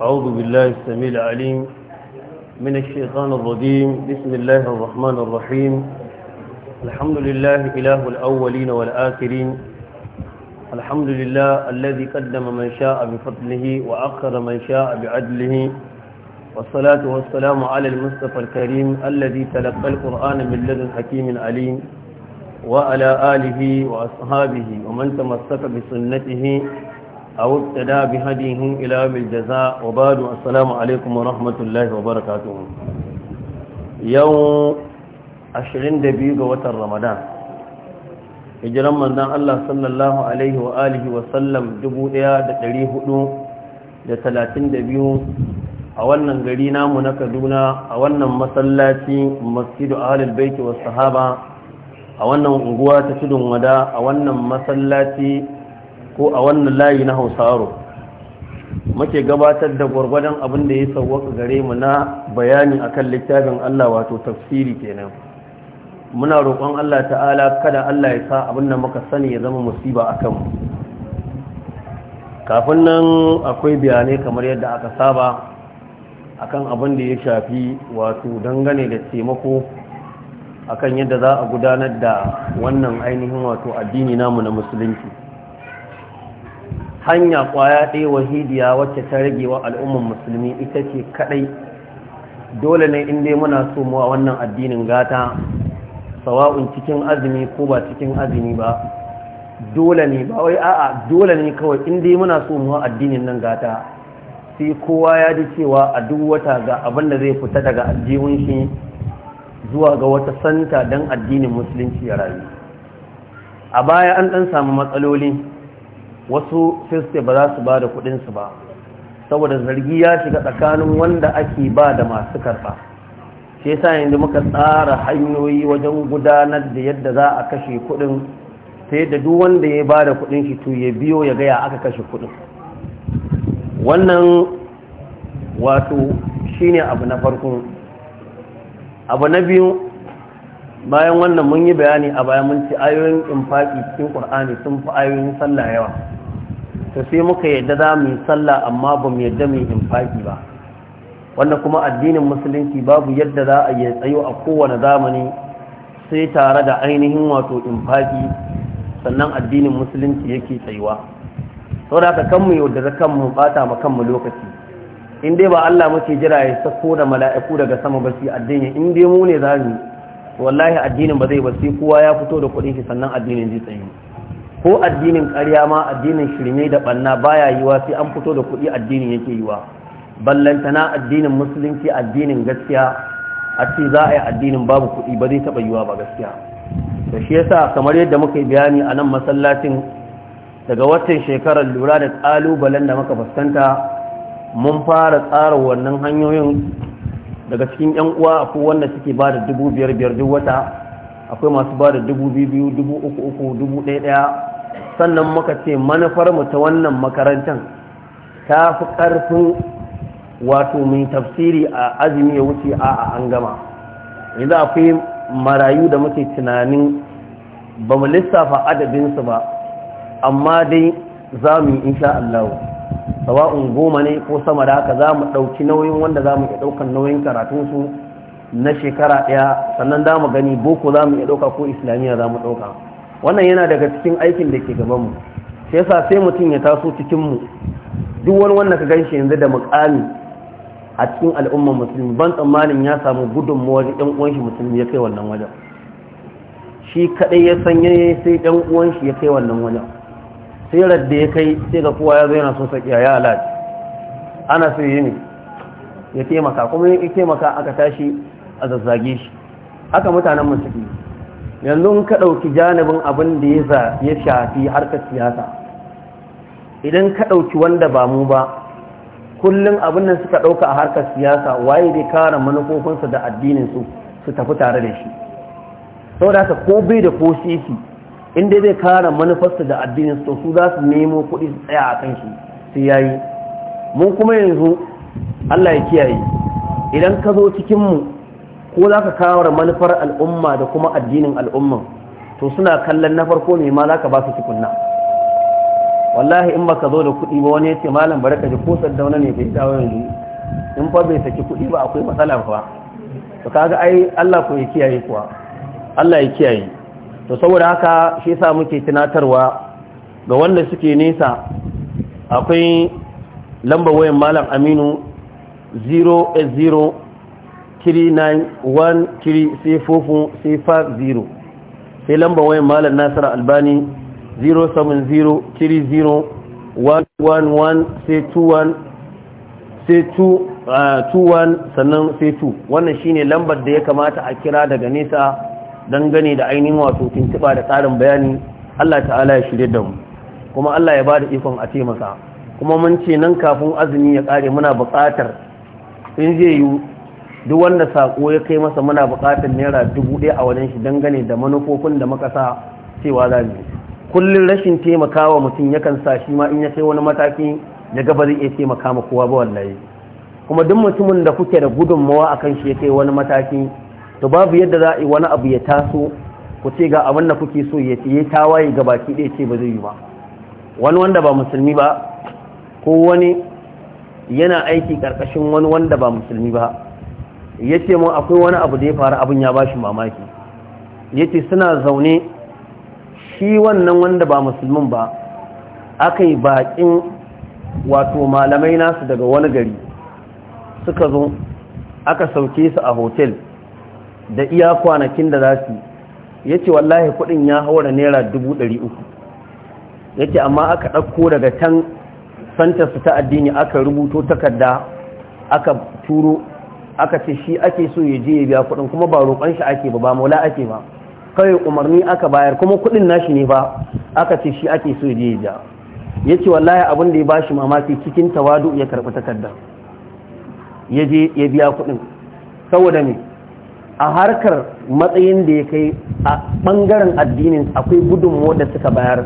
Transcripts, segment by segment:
أعوذ بالله السميع العليم من الشيطان الرجيم بسم الله الرحمن الرحيم الحمد لله إله الأولين والآخرين الحمد لله الذي قدم من شاء بفضله وأخر من شاء بعدله والصلاة والسلام على المصطفى الكريم الذي تلقى القرآن من لدن حكيم عليم وعلى آله وأصحابه ومن تمسك بسنته أو ابتدى بهديه إلى يوم الجزاء وبعد السلام عليكم ورحمة الله وبركاته يوم عشرين دبيق وتر رمضان hijiran manzan Allah sallallahu Alaihi wa alihi wasallam biyu a wannan gari namu na Kaduna a wannan masallaci masjidu ahlul baiti was sahaba a wannan unguwa ta tudun wada a wannan masallaci ko a wannan layi na hausaro muke gabatar da gwargwadon abin da ya sauwaka gare mu na bayani akan littafin Allah wato tafsiri kenan muna roƙon Allah ta'ala kada Allah ya sa abin da muka sani ya zama musiba a kanmu kafin nan akwai bayanai kamar yadda aka saba akan abin da ya shafi wato dangane da taimako akan yadda za a gudanar da wannan ainihin wato addini namu na musulunci hanya kwaya ɗaya wahidiya wacce ta rage wa al'ummar musulmi ita ce kaɗai dole ne in dai muna so mu a wannan addinin gata sawa'un cikin azumi ko ba cikin azumi ba dole ne ba wai a'a dole ne kawai in dai muna so mu a addinin nan gata sai kowa ya ji cewa a duk wata ga abin da zai fita daga aljihun shi zuwa ga wata santa don addinin musulunci ya rayu a baya an ɗan samu matsaloli wasu sai ba za su ba da su ba saboda zargi ya shiga tsakanin wanda ake ba da masu karɓa shi yasa yanzu muka tsara hanyoyi wajen gudanar da yadda za a kashe kuɗin sai da duk wanda ya ba da kuɗin shi to ya biyo ya gaya aka kashe kuɗin wannan wato shine abu na farko abu na biyu bayan wannan mun yi bayani a bayan mun ci ayoyin infaki cikin ƙur'ani sun fi ayoyin sallah yawa to sai muka yadda za mu yi sallah amma ba mu yadda mu yi infaki ba wannan kuma addinin musulunci babu yadda za a yi tsayo a kowane zamani sai tare da ainihin wato infaki sannan addinin musulunci yake tsayuwa sau da ka kanmu yadda za kanmu bata ma kanmu lokaci in dai ba Allah muke jira ya sako da mala'iku daga sama ba su addini in dai mu ne za mu wallahi addinin ba zai ba sai kowa ya fito da kuɗin shi sannan addinin zai tsayu ko addinin ƙarya ma addinin shirme da ɓanna baya yiwa sai an fito da kuɗi addinin yake yiwa ballantana addinin musulunci addinin gaskiya a ce za a yi addinin babu kuɗi ba zai taɓa yiwa ba gaskiya da shi yasa kamar yadda muka yi bayani a nan masallacin daga watan shekarar lura da ƙalubalen da muka fuskanta mun fara tsara wannan hanyoyin daga cikin 'yan uwa akwai wanda suke ba da dubu biyar biyar duk wata akwai masu ba da dubu biyu dubu uku uku dubu ɗaya ɗaya sannan muka ce manufar mu ta wannan makarantar ta fi ƙarfin wato mai tafsiri a azumi ya wuce a an gama yanzu akwai marayu da muke tunanin ba mu lissafa adabinsu ba amma dai za mu yi insha Allah sawa'un goma ne ko sama da haka za mu ɗauki nauyin wanda za mu iya ɗaukar nauyin karatunsu na shekara ɗaya sannan za mu gani boko za mu iya ɗauka ko islamiyya za mu ɗauka wannan yana daga cikin aikin da ke gabanmu shi yasa sai mutum ya taso cikinmu duk wani wanda ka ganshi yanzu da muƙami a cikin al'ummar musulmi ban tsammanin ya samu wajen ɗan uwan shi musulmi ya kai wannan wajen shi kaɗai ya sanye sai ɗan uwan shi ya kai wannan wajen sai radda ya kai sai ga kowa ya zo yana so a ya alaji ana so yi ne ya taimaka kuma ya taimaka aka tashi a zazzage shi haka mutanen musulmi yanzu ka ɗauki janibin abin da ya shafi harkar siyasa idan ka ɗauki wanda ba mu ba kullum abin da suka ɗauka a harkar siyasa waye dai kara manufofinsu da addininsu su tafi tare da shi sau da ko bai da ko sisi inda zai kara manufarsu da addininsu to su za su nemo kuɗi su tsaya a kan shi su yayi mun kuma yanzu allah ya kiyaye idan ka zo cikinmu ko za ka kawar manufar al'umma da kuma addinin al'umman to suna kallon na farko ne ma za ka ba su tukunna wallahi in baka zo da kuɗi ba wani ya ce malam bari ka ji ko saddauna ne bai dawo yanzu in fa bai saki kuɗi ba akwai matsala ba to kaga ai Allah ko ya kiyaye kuwa Allah ya kiyaye to saboda haka shi yasa muke tunatarwa ga wanda suke nesa akwai lambar wayan malam Aminu 080 079133440 sai lambar wayan malam nasara albani 070301111 sai 21 sannan sai 2 wannan shine lambar da ya kamata a kira daga nesa dangane da ainihin wato tuntuɓa da tsarin bayani Allah ta'ala ya shirye da mu kuma Allah ya ba da ikon a taimaka kuma mun ce nan kafin azumi ya kare muna buƙatar in zai yi duk wanda sako ya kai masa muna bukatar naira dubu ɗaya a wajen shi dangane da manufofin da muka sa cewa za mu kullum rashin taimakawa mutum yakan sa shi ma in ya kai wani mataki ya gaba zai iya taimaka ma kowa ba wallahi kuma duk mutumin da kuke da gudunmawa akan shi ya kai wani mataki to babu yadda za a yi wani abu ya taso ku ce ga abin da kuke so ya yi tawaye ga baki ɗaya ce ba zai yi ba wani wanda ba musulmi ba ko wani yana aiki ƙarƙashin wani wanda ba musulmi ba ya ce mun akwai wani abu da ya faru abin ya ba shi mamaki ya ce suna zaune shi wannan wanda ba musulmin ba aka yi baƙin wato malamai nasu daga wani gari suka zo aka sauke su a hotel da iya kwanakin da za su ya ce wallahi kudin ya haura naira dubu ɗari uku. ya ce amma aka ɗauko daga can santarsu ta addini aka rubuto takarda aka turo aka ce shi ake so ya je ya biya kuɗin kuma ba roƙon shi ake ba ba maula ake ba kawai umarni aka bayar kuma kuɗin nashi ne ba aka ce shi ake so ya je ya biya ya ce wallahi abin da ya ba shi mamaki cikin tawadu ya karɓi takarda ya je ya biya kuɗin saboda me a harkar matsayin da ya kai a ɓangaren addinin akwai gudunmuwa da suka bayar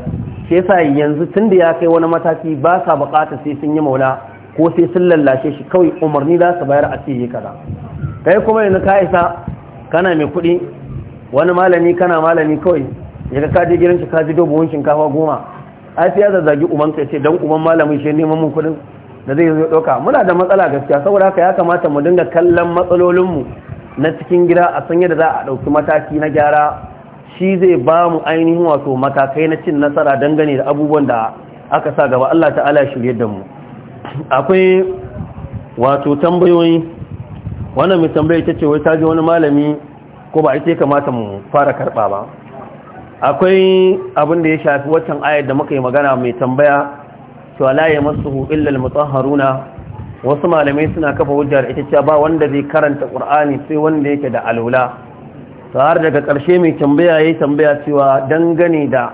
shi yasa yanzu tun da ya kai wani mataki ba sa buƙatar sai sun yi maula ko sai sun lallashe shi kawai umarni za su bayar a ce yi kaza kai kuma yanzu ka isa kana mai kuɗi wani malami kana malami kawai ya ga kaji gidan shi kaji dobuwan shinkafa goma ai sai ya zazzagi uban ka ce dan uban malami shi neman mun kuɗin da zai zo ɗauka muna da matsala gaskiya saboda haka ya kamata mu dinga kallon matsalolinmu na cikin gida a san yadda za a ɗauki mataki na gyara shi zai ba mu ainihin wato matakai na cin nasara dangane da abubuwan da aka sa gaba Allah ta'ala shirye da mu akwai wato tambayoyi wannan mai tambaya ta ce wai ta ji wani malami ko ba ita kamata mu fara karɓa ba akwai abin da ya shafi waccan ayar da muka yi magana mai tambaya cewa la ya masu illal mutahharuna wasu malamai suna kafa wujar ita cewa ba wanda zai karanta ƙur'ani sai wanda yake da alula to har daga ƙarshe mai tambaya yayi tambaya cewa dangane da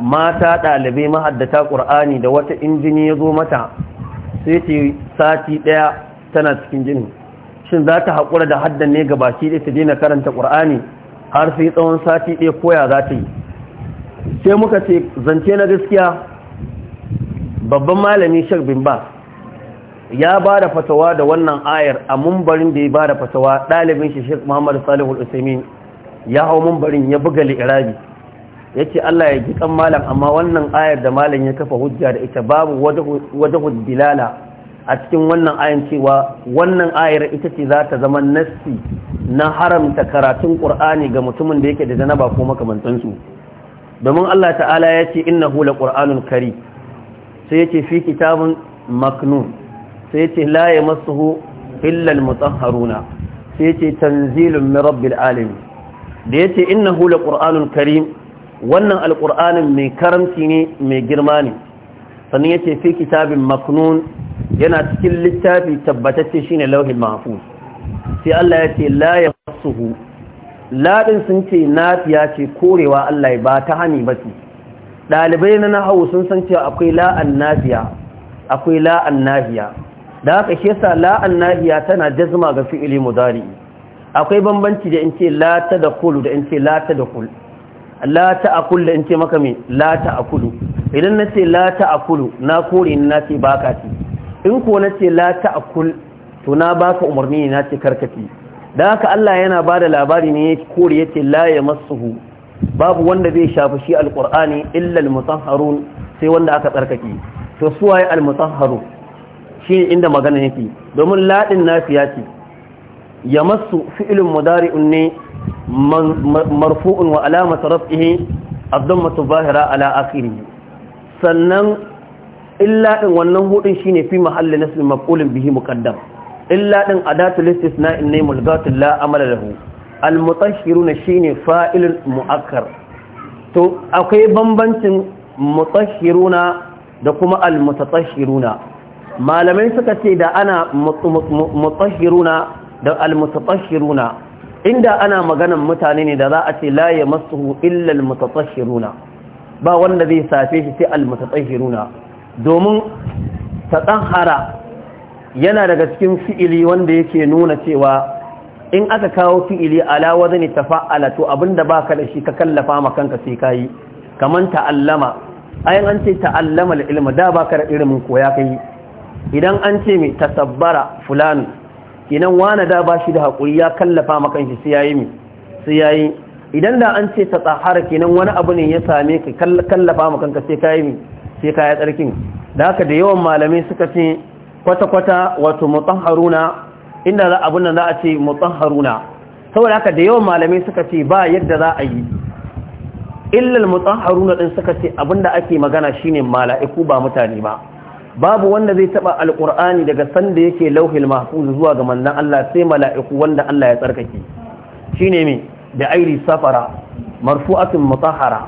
mata ɗalibai mahaddata qur'ani da wata injini ya zo mata sai ce sati ɗaya tana cikin jini shin za ta haƙura da haddan ne ga baki ɗaya ta daina karanta ƙur'ani har sai tsawon sati ɗaya koya za ta yi sai muka ce zance na gaskiya babban malami shek bin ba ya ba da fatawa da wannan ayar a mumbarin da ya ba da fatawa ɗalibin shi shek muhammadu salihu al'usamin ya hau mumbarin ya buga li'irabi ce Allah ya ji kan malam amma wannan ayar da malam ya kafa hujja da ita babu wajhu dilala a cikin wannan ayar cewa wannan ayar ita ce za ta zama nassi na haramta karatun ƙur'ani ga mutumin da yake da janaba ko makamantansu domin Allah ta'ala ya ce hula laqur'anun kari sai ce fi kitabun maknun sai yace la yamassuhu illa almutahharuna sai yace tanzilun min rabbil alamin da yace hula laqur'anun karim wannan alƙur'anin mai karamci ne mai girma ne sannan yace fi kitabin maknun yana cikin littafi tabbatacce ne lauhin mafu sai Allah ya ce la yasuhu Laɗin sun ce nafiya ce korewa Allah ba ta hani ba ce Ɗalibai na nahawu sun san cewa akwai la annafiya akwai la annafiya da haka shi yasa la tana jazma ga fi'ili mudari akwai bambanci da in ce la ta da in ce la kulu la ta'akul da in ce maka mai la ta'akulu idan na ce la ta'akulu na kore na ce baka ci in ko na ce la ta'akul to na baka umarni na ce karkaci dan haka Allah yana ba da labari ne kore yace la yamassuhu babu wanda zai shafi shi alqur'ani illa almutahharun sai wanda aka tsarkake to suwaye almutahharu shi inda magana yake domin ladin nafiya ce yamassu fi'lun mudari'un ne marfu'un wa alamata raf'ihi ad-dammatu zahira ala akhirih sannan illa din wannan hudin shine fi mahalli nasb maf'ulin bihi muqaddam illa din adatul istisna'in ne mulgatul la amala lahu al-mutahhiruna shine fa'il mu'akkar to akwai bambancin mutahhiruna da kuma al-mutatahhiruna malamai suka ce da ana mutahhiruna da al-mutatahhiruna inda ana maganan mutane ne da za a ce la ya masu illal mutatsashiruna ba wanda zai safe shi sai almutatsashiruna domin tatsahara yana daga cikin fi'ili wanda yake nuna cewa in aka kawo fi'ili ala wazani tafa'ala to abinda baka da shi ka kallafa ma kanka sai yi, kamar ta'allama ayin an ce ta'allama ilma da baka da ilimin koya kai idan an ce mai tasabbara fulani kinan wani da bashi da haƙuri ya kallafa makanshi shi sai yayi mi sai yayi idan da an ce ta tsahara kinan wani abu ne ya same ka kallafa makan ka sai kayi mi sai kayi tsarkin da haka da yawan malamai suka ce kwata-kwata wato mutahharuna inda za abun nan za a ce mutahharuna saboda haka da yawan malamai suka ce ba yadda za a yi illa mutahharuna din suka ce abinda ake magana shine mala'iku ba mutane ba babu wanda zai taba alqur'ani daga sanda yake lauhil mahfuz zuwa ga manzon Allah sai mala'iku wanda Allah ya tsarkake shine me da airi safara marfu'atun mutahhara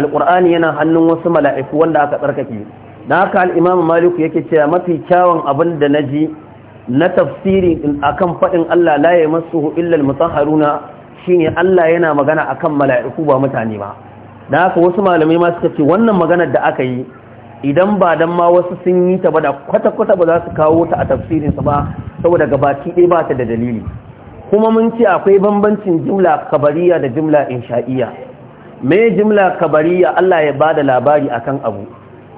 alqur'ani yana hannun wasu mala'iku wanda aka tsarkake dan haka al-imam maliku yake cewa mafi kyawun abin da naji na tafsiri akan fadin Allah la yamassuhu illa al-mutahharuna shine Allah yana magana akan mala'iku ba mutane ba dan haka wasu malamai ma suka ce wannan maganar da aka yi idan ba dan ma wasu sun yi ta ba da kwata-kwata ba za su kawo ta a tafsirinsa ba saboda gabaki ɗaya ba ta da dalili kuma mun ce akwai bambancin jimla kabariya da jimla insha'iya me jimla kabariya Allah ya ba da labari akan abu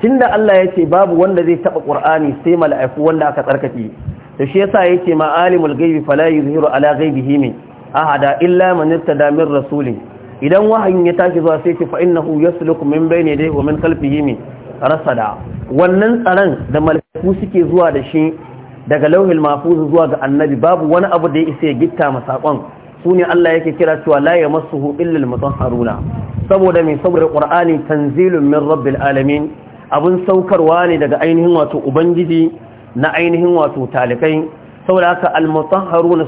tunda Allah ya ce babu wanda zai taɓa Qur'ani sai mala'iku wanda aka tsarkake to shi yasa yake ma'alimul ghaibi fala yuzhiru ala ghaibihi min ahada illa man irtada min rasulin idan wahayin ya tashi zuwa sai ce fa innahu yasluku min bayni yadayhi wa min khalfihi min da wannan tsaron da malafu suke zuwa da shi daga lauhil mafuzu zuwa ga annabi babu wani abu da ya isa ya gitta masakon ne Allah yake kira cewa la yamassuhu illa Haruna. saboda mai saboda qur'ani tanzilun min rabbil alamin abun saukarwa ne daga ainihin wato ubangiji na ainihin wato talikai saboda haka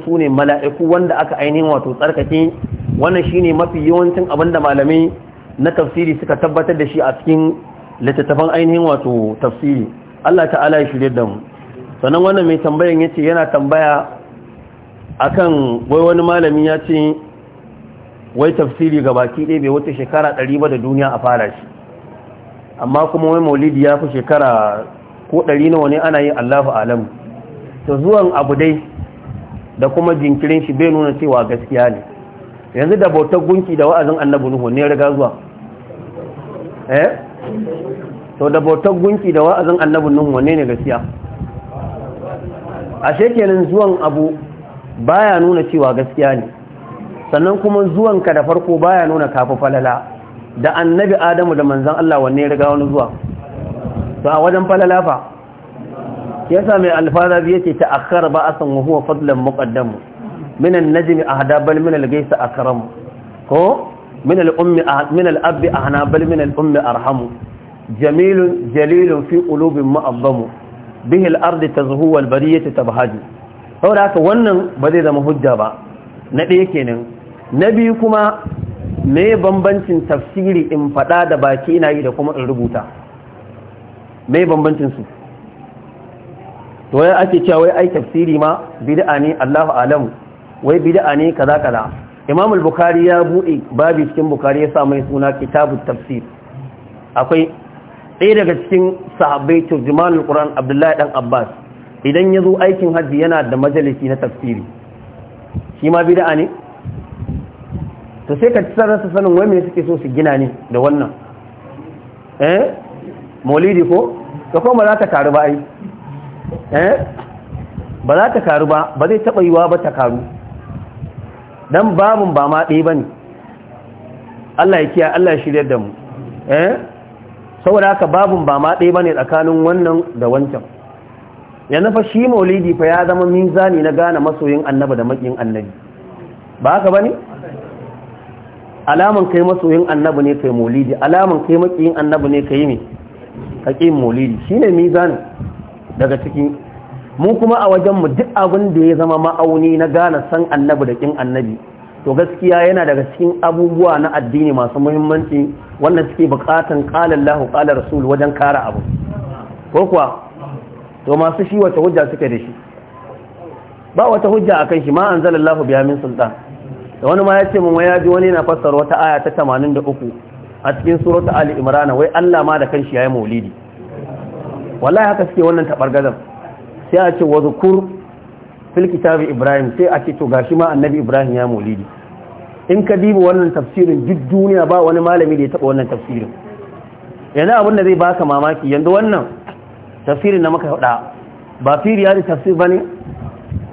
su ne mala'iku wanda aka ainihin wato tsarkake wannan shine mafi yawancin abinda malamai na tafsiri suka tabbatar da shi a cikin littattafan ainihin wato tafsiri Allah ta'ala ya shirye da mu sannan wannan mai tambayan ya ce yana tambaya akan wai wani malami ya ce wai tafsiri ga baki ɗaya bai wata shekara ɗari ba da duniya a fara shi amma kuma wai maulidi ya fi shekara ko ɗari nawa ne ana yin allahu alamu to zuwan abu dai da kuma jinkirin shi bai nuna cewa gaskiya ne yanzu da bautar gunki da wa'azin annabi nuhu ne riga zuwa eh to da bautar gunki da wa'azin annabin nun wanne ne gaskiya ashe kenan zuwan abu baya nuna cewa gaskiya ne sannan kuma zuwanka da farko baya nuna kafa falala da annabi adamu da manzan Allah wanne ya riga wani zuwa to a wajen falala fa yasa mai alfaza biye ce ta ba a wa huwa fadlan muƙaddamu minan an-najmi ahda minal gaisa a ghayth ko Minal al-ummi min al-abbi ahna bal min al-ummi arhamu jamilun jalilun fi qulubin ma'azzamu bihi al-ardi tazhu wal saboda haka wannan ba zai zama hujja ba na ɗaya kenan na biyu kuma me bambancin tafsiri in faɗa da baki ina yi da kuma in rubuta me bambancin su to ya ake cewa wai ai tafsiri ma bid'a ne Allahu alamu wai bid'a ne kaza kaza imam al-bukhari ya bude babu cikin bukhari ya sa mai suna kitabut tafsir akwai ɗaya daga cikin sahabbai al qur'an abdullahi dan abbas idan ya zo aikin hajji yana da majalisi na tafsiri shi ma bid'a ne to sai ka tsara sa sanin wai me suke so su gina ne da wannan eh maulidi ko ka kuma za ta karu ba ai eh ba za ta karu ba ba zai taba yiwa ba ta karu dan babun ba ma ɗaya ne? Allah ya kiya Allah ya shirya da mu eh saboda haka babun ba ma ɗaya ne tsakanin wannan da wancan yanzu fa shi maulidi fa ya zama mizani na gane masoyin annaba da makin annabi ba haka ba ne? alaman kai masoyin annabi ne kai maulidi alaman kai makiyin annabi ne kai ne kakin maulidi shine mizani daga cikin mu kuma a wajenmu duk abin da ya zama ma'auni na gane san annabi da kin annabi to gaskiya yana daga cikin abubuwa na addini masu muhimmanci wanda suke bukatan qala Allahu rasul wajen kare abu ko kuwa to masu shi wata hujja suke da shi ba wata hujja a kan shi ma anzalallahu biya min sultan da wani ma ya ce mun waya ji wani na fassara wata aya ta 83 a cikin surata ali imran wai Allah ma da kanshi yayi maulidi wallahi haka suke wannan tabargazan sai a ce wa zukur ibrahim sai a ce to gashi ma annabi ibrahim ya maulidi in ka diba wannan tafsirin duk duniya ba wani malami da ya taba wannan tafsirin yanzu abin da zai baka mamaki yanzu wannan tafsirin na maka faɗa ba fi riyadi tafsir ba ne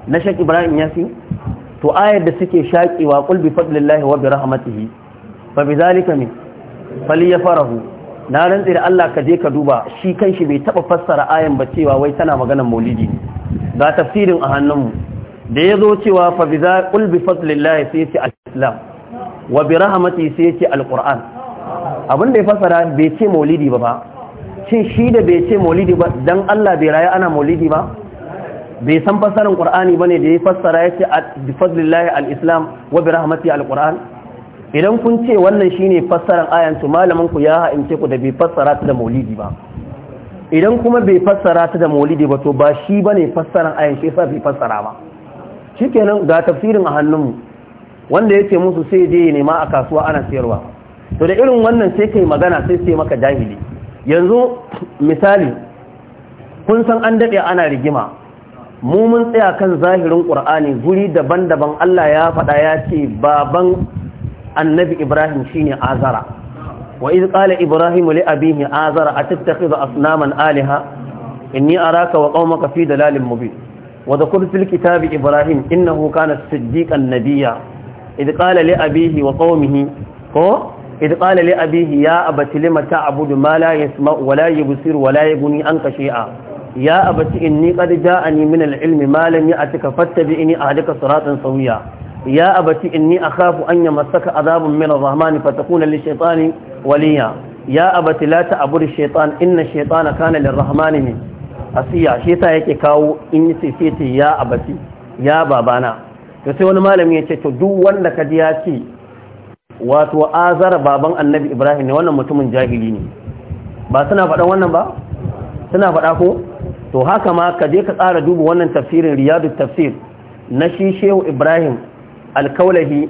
na shak ibrahim ya fi to ayar da suke shaƙi qul bi fadlillahi wa bi rahmatihi fa bi zalika min falyafrahu na rantsi da Allah ka je ka duba shi kanshi bai taba fassara ayan ba cewa wai tana magana maulidi ga tafsirin a hannunmu da ya zo cewa fa bi za qul bi fadlillahi sai yace al-islam wa bi rahmati sai yace al-qur'an abin da ya fassara bai ce maulidi ba ba shin shi da bai ce maulidi ba dan Allah bai raya ana maulidi ba bai san fassarar qur'ani bane da ya fassara yace bi fadlillahi al-islam wa bi rahmati al-qur'an idan kun ce wannan shine fassarar ayan malamin ku ya haince ku da bai fassara ta da maulidi ba idan kuma bai fassara ta da maulidi ba to ba shi bane fassaran ayan shi yasa bai fassara ba shikenan ga tafsirin a hannunmu wanda yake musu sai je ya nema a kasuwa ana sayarwa to da irin wannan sai kai magana sai sai maka jahili yanzu misali kun san an dade ana rigima mu mun tsaya kan zahirin qur'ani guri daban-daban Allah ya faɗa ya ce baban annabi ibrahim shine azara wa iz qala ibrahim li abihi azara atattakhidhu asnaman alaha inni araka wa qaumaka fi dalalin mubin wa dhakur fil kitabi ibrahim innahu kana siddiqan nabiyya iz qala li abihi wa qaumihi ko iz qala li abihi ya abati lima ta'budu ma la yasma'u wa la yubsiru wa la yughni anka shay'a ya abati inni qad ja'ani min al-ilmi ma lam ya'tika fattabi'ni ahdika siratan sawiya ya abati inni akhafu an yamassaka azabun min ar-rahmani fatakuna lish-shaytani waliya ya abati la ta'budu ash-shaytan inna ash-shaytana kana lir-rahmani min asiya shi yasa yake kawo in yace sai ya abati ya babana to sai wani malami yace to duk wanda kaji ya ce wato azara baban annabi ibrahim ne wannan mutumin jahili ne ba suna faɗan wannan ba suna faɗa ko to haka ma ka je ka tsara duba wannan tafsirin riyadu tafsir na shi shehu ibrahim alkaulahi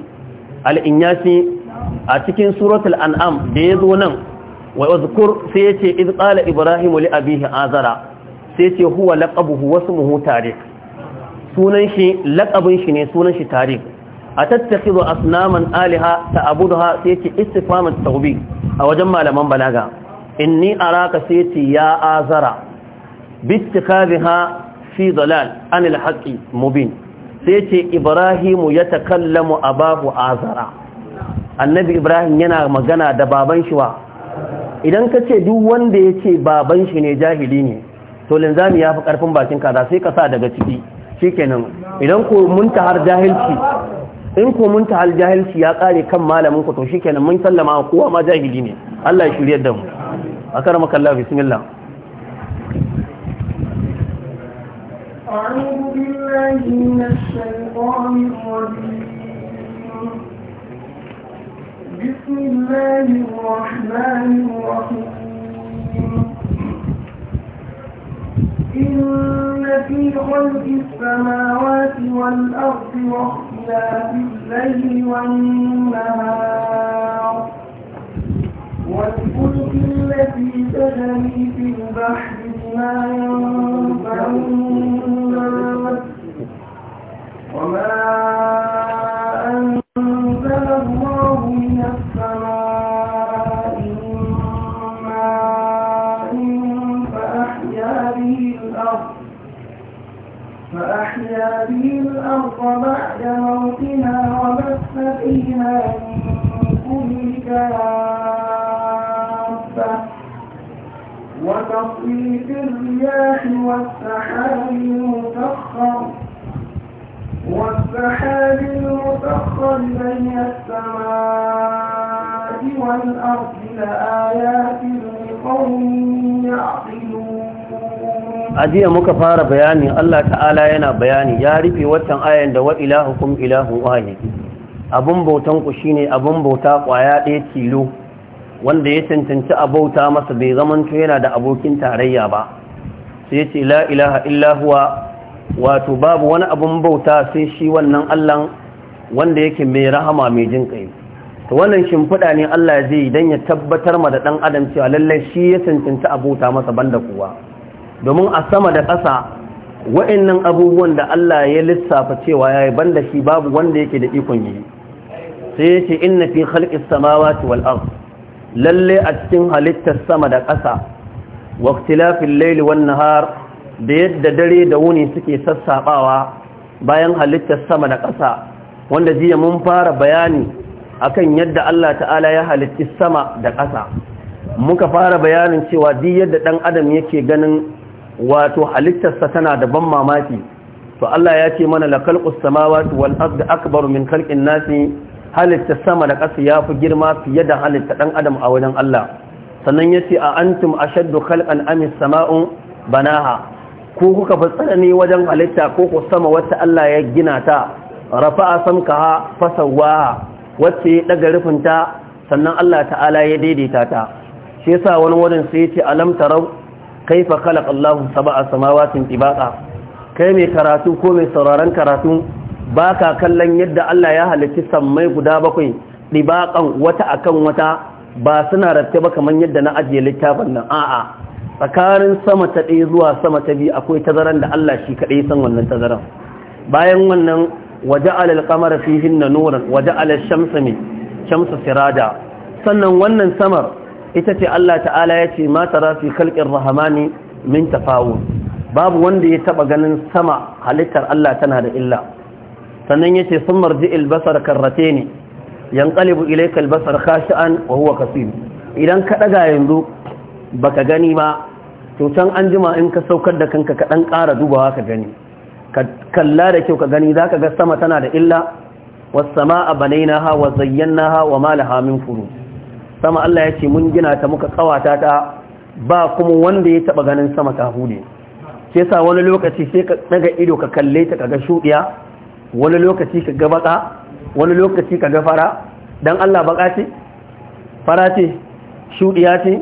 al'inyasi a cikin suratul an'am da ya zo nan wa uzkur sai ya ce iz qala ibrahimu li abihi azara sai ce huwa wasu muhu tariq sunan shi laqabin shi ne sunan shi tariq atattakhidhu asnaman alaha ta'buduha sai ce istifhamat tawbi a wajen malaman balaga a raka sai ce ya azara bittikadha fi dalal anil haqqi mubin sai ce ibrahimu ya a babu azara annabi ibrahim yana magana da baban shi wa idan ka ce duk wanda ya ce baban shi ne jahili ne to linzami ya fi karfin bakin kaza sai ka sa daga ciki shikenan idan ko mun ta har jahilci in ko mun ta har jahilci ya kare kan malamin ku to shikenan mun sallama kowa ma jahili ne Allah ya shiryar da mu akaramakallahu bismillah أعوذ بالله من بسم الله الرحمن الرحيم إن في خلق السماوات والأرض واختلاف الليل والنهار والفلك التي تجري في البحر بما ينفع وما أنزل الله من السماء من ماء فأحيا به الأرض فأحيا به الأرض بعد موتها وبث فيها من كل دابة وتصريف الرياح والسحاب المسخر سحاب مفخر بين السماء والأرض لآيات لقوم يعقلون ajiya muka fara bayani Allah ta'ala yana bayani ya rufe watan ayan da wa ilahukum ilahun wahid abun bautan ku shine abun bauta kwaya ɗaya tilo wanda ya tantance abauta masa bai zamanto yana da abokin tarayya ba sai ya ce la ilaha illa huwa wato babu wani abun bauta sai shi wannan Allah wanda yake mai rahama mai jin kai to wannan shimfiɗa ne Allah zai dan ya tabbatar ma da dan adam cewa lallai shi ya cancanta abota masa banda kowa domin a sama da ƙasa wa'annan abubuwan da Allah ya lissafa cewa yayi banda shi babu wanda yake da ikon yi sai ya ce inna fi khalqis samawati wal ard lallai a cikin halittar sama da ƙasa waktilafin laili layli wan da yadda dare da wuni suke sassaƙawa, bayan halittar sama da ƙasa wanda jiya mun fara bayani akan yadda Allah ta'ala ya halitti sama da ƙasa muka fara bayanin cewa duk yadda ɗan adam yake ganin wato halittarsa tana da ban mamaki to Allah ya ce mana la khalqus samawati wal ardi akbaru min khalqin nasi halitta sama da ƙasa yafi girma fiye da halitta ɗan adam a wajen Allah sannan yace a antum ashaddu khalqan am as-sama'u banaha ko kuka fassara ne wajen halitta ko ku sama wacce Allah ya gina ta rafa'a ha fasawa wacce ya daga rufinta sannan Allah ta'ala ya daidaita ta shi yasa wani wurin sai ya ce alam tarau kaifa kala Allahu sab'a samawatin tibaqa kai mai karatu ko mai sauraron karatu baka kallon yadda Allah ya halitta samai guda bakwai ɗibaƙan wata akan wata ba suna ratte ba kaman yadda na ajiye littafin nan a'a tsakanin sama ta ɗaya zuwa sama ta biyu akwai tazaran da Allah shi kaɗai san wannan tazaran bayan wannan waje alal kamar fihin na nuran waje alal shamsa mai shamsa sirada sannan wannan samar ita ce Allah ta'ala ya ce mata rafi kalƙin rahamani min tafawo babu wanda ya taɓa ganin sama halittar Allah tana da illa sannan ya ce sun marji albasar karrate ne yan ƙalibu ilaikal basar kashi'an wa huwa kasir idan ka ɗaga yanzu baka gani ba to can an jima in ka saukar da kanka kaɗan dan ƙara dubawa ka gani ka kalla da kyau ka gani za ka ga sama tana da illa was samaa banaynaha wa ha wa ma min furu sama Allah ya ce mun gina ta muka kawata ta ba kuma wanda ya taba ganin sama ta hude sai sa wani lokaci sai ka daga ido ka kalle ta kaga shudiya wani lokaci ka ga baka wani lokaci ka ga fara dan Allah baka ce fara ce shudiya ce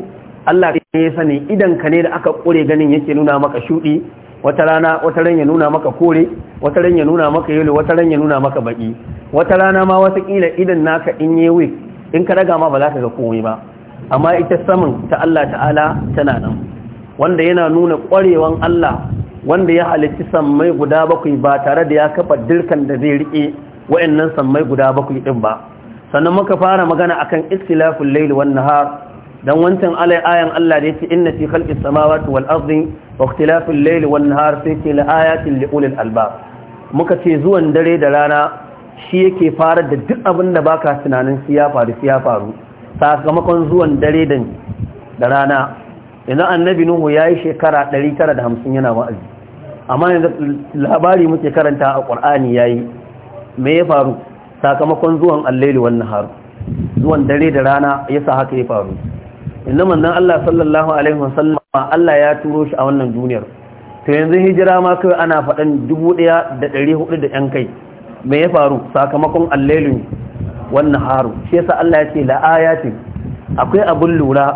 Allah ya sani idan ka ne da aka kore ganin yake nuna maka shudi wata rana wata ran ya nuna maka kore wata ran ya nuna maka yelo wata ran ya nuna maka baki wata rana ma wata kila idan naka in yi wik, in ka daga ma ba za ka ga komai ba amma ita saman ta Allah ta'ala tana nan wanda yana nuna kwarewan Allah wanda ya halitta sammai guda bakwai ba tare da ya kafa dirkan da zai rike wayannan sammai guda bakwai din ba sannan muka fara magana akan ikhtilaful layl wan nahar dan wancan ayan Allah da yake inna fi khalqis samawati wal ardi wa ikhtilafil layli wan nahar fi ayatin li ulil albab muka ce zuwan dare da rana shi yake fara da duk abin da baka tunanin shi ya faru shi ya faru sakamakon zuwan dare da da rana yanzu annabi nuhu yayi shekara 950 yana wa'azi amma yanzu labari muke karanta a qur'ani yayi me ya faru sakamakon zuwan allaili wannan nahar zuwan dare da rana yasa haka ya faru inda manzon Allah sallallahu alaihi wasallam Allah ya turo shi a wannan duniyar to yanzu hijira ma kai ana faɗan 1400 da yan kai me ya faru sakamakon allailun wannan haru shi yasa Allah ya ce la ayati akwai abun lura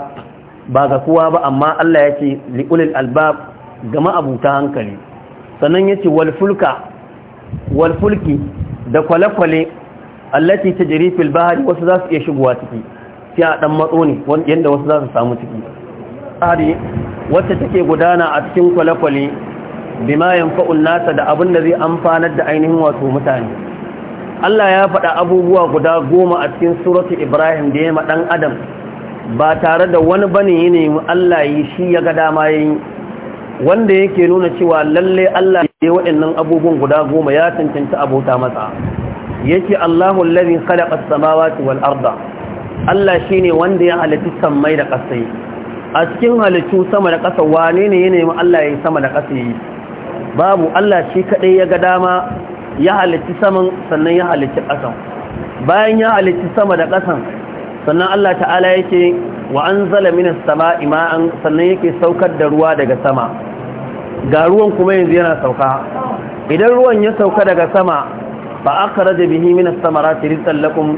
ba ga kowa ba amma Allah ya ce li'ulil albab ga ma'abuta hankali sannan ya ce wal fulki da kwale-kwale allati ta fil bahari wasu za su iya shigowa ciki gaskiya dan matso ne yadda wasu za su samu ciki tsari wacce take gudana a cikin kwale-kwale bima yanfa'un nasa da abin da zai amfanar da ainihin wato mutane Allah ya faɗa abubuwa guda goma a cikin suratu Ibrahim da ya ma ɗan Adam ba tare da wani bane yi nemi Allah yi shi ya ga dama yayi wanda yake nuna cewa lalle Allah ya yi waɗannan abubuwan guda goma ya cancanta abota masa yake Allahu allazi khalaqa as-samawati wal arda Allah shi ne wanda ya halittu sammai da ƙasai a cikin halittu sama da ƙasa wane ne ya nemi Allah ya yi sama da ƙasa yi babu Allah shi kaɗai ya ga dama ya halittu saman sannan ya halittu ƙasan bayan ya halittu sama da ƙasan sannan Allah ta'ala yake wa an zala minas sama ima'an sannan yake saukar da ruwa daga sama ga ruwan kuma yanzu yana sauka idan ruwan ya sauka daga sama ba aka raja bihi minas samara tirisallakun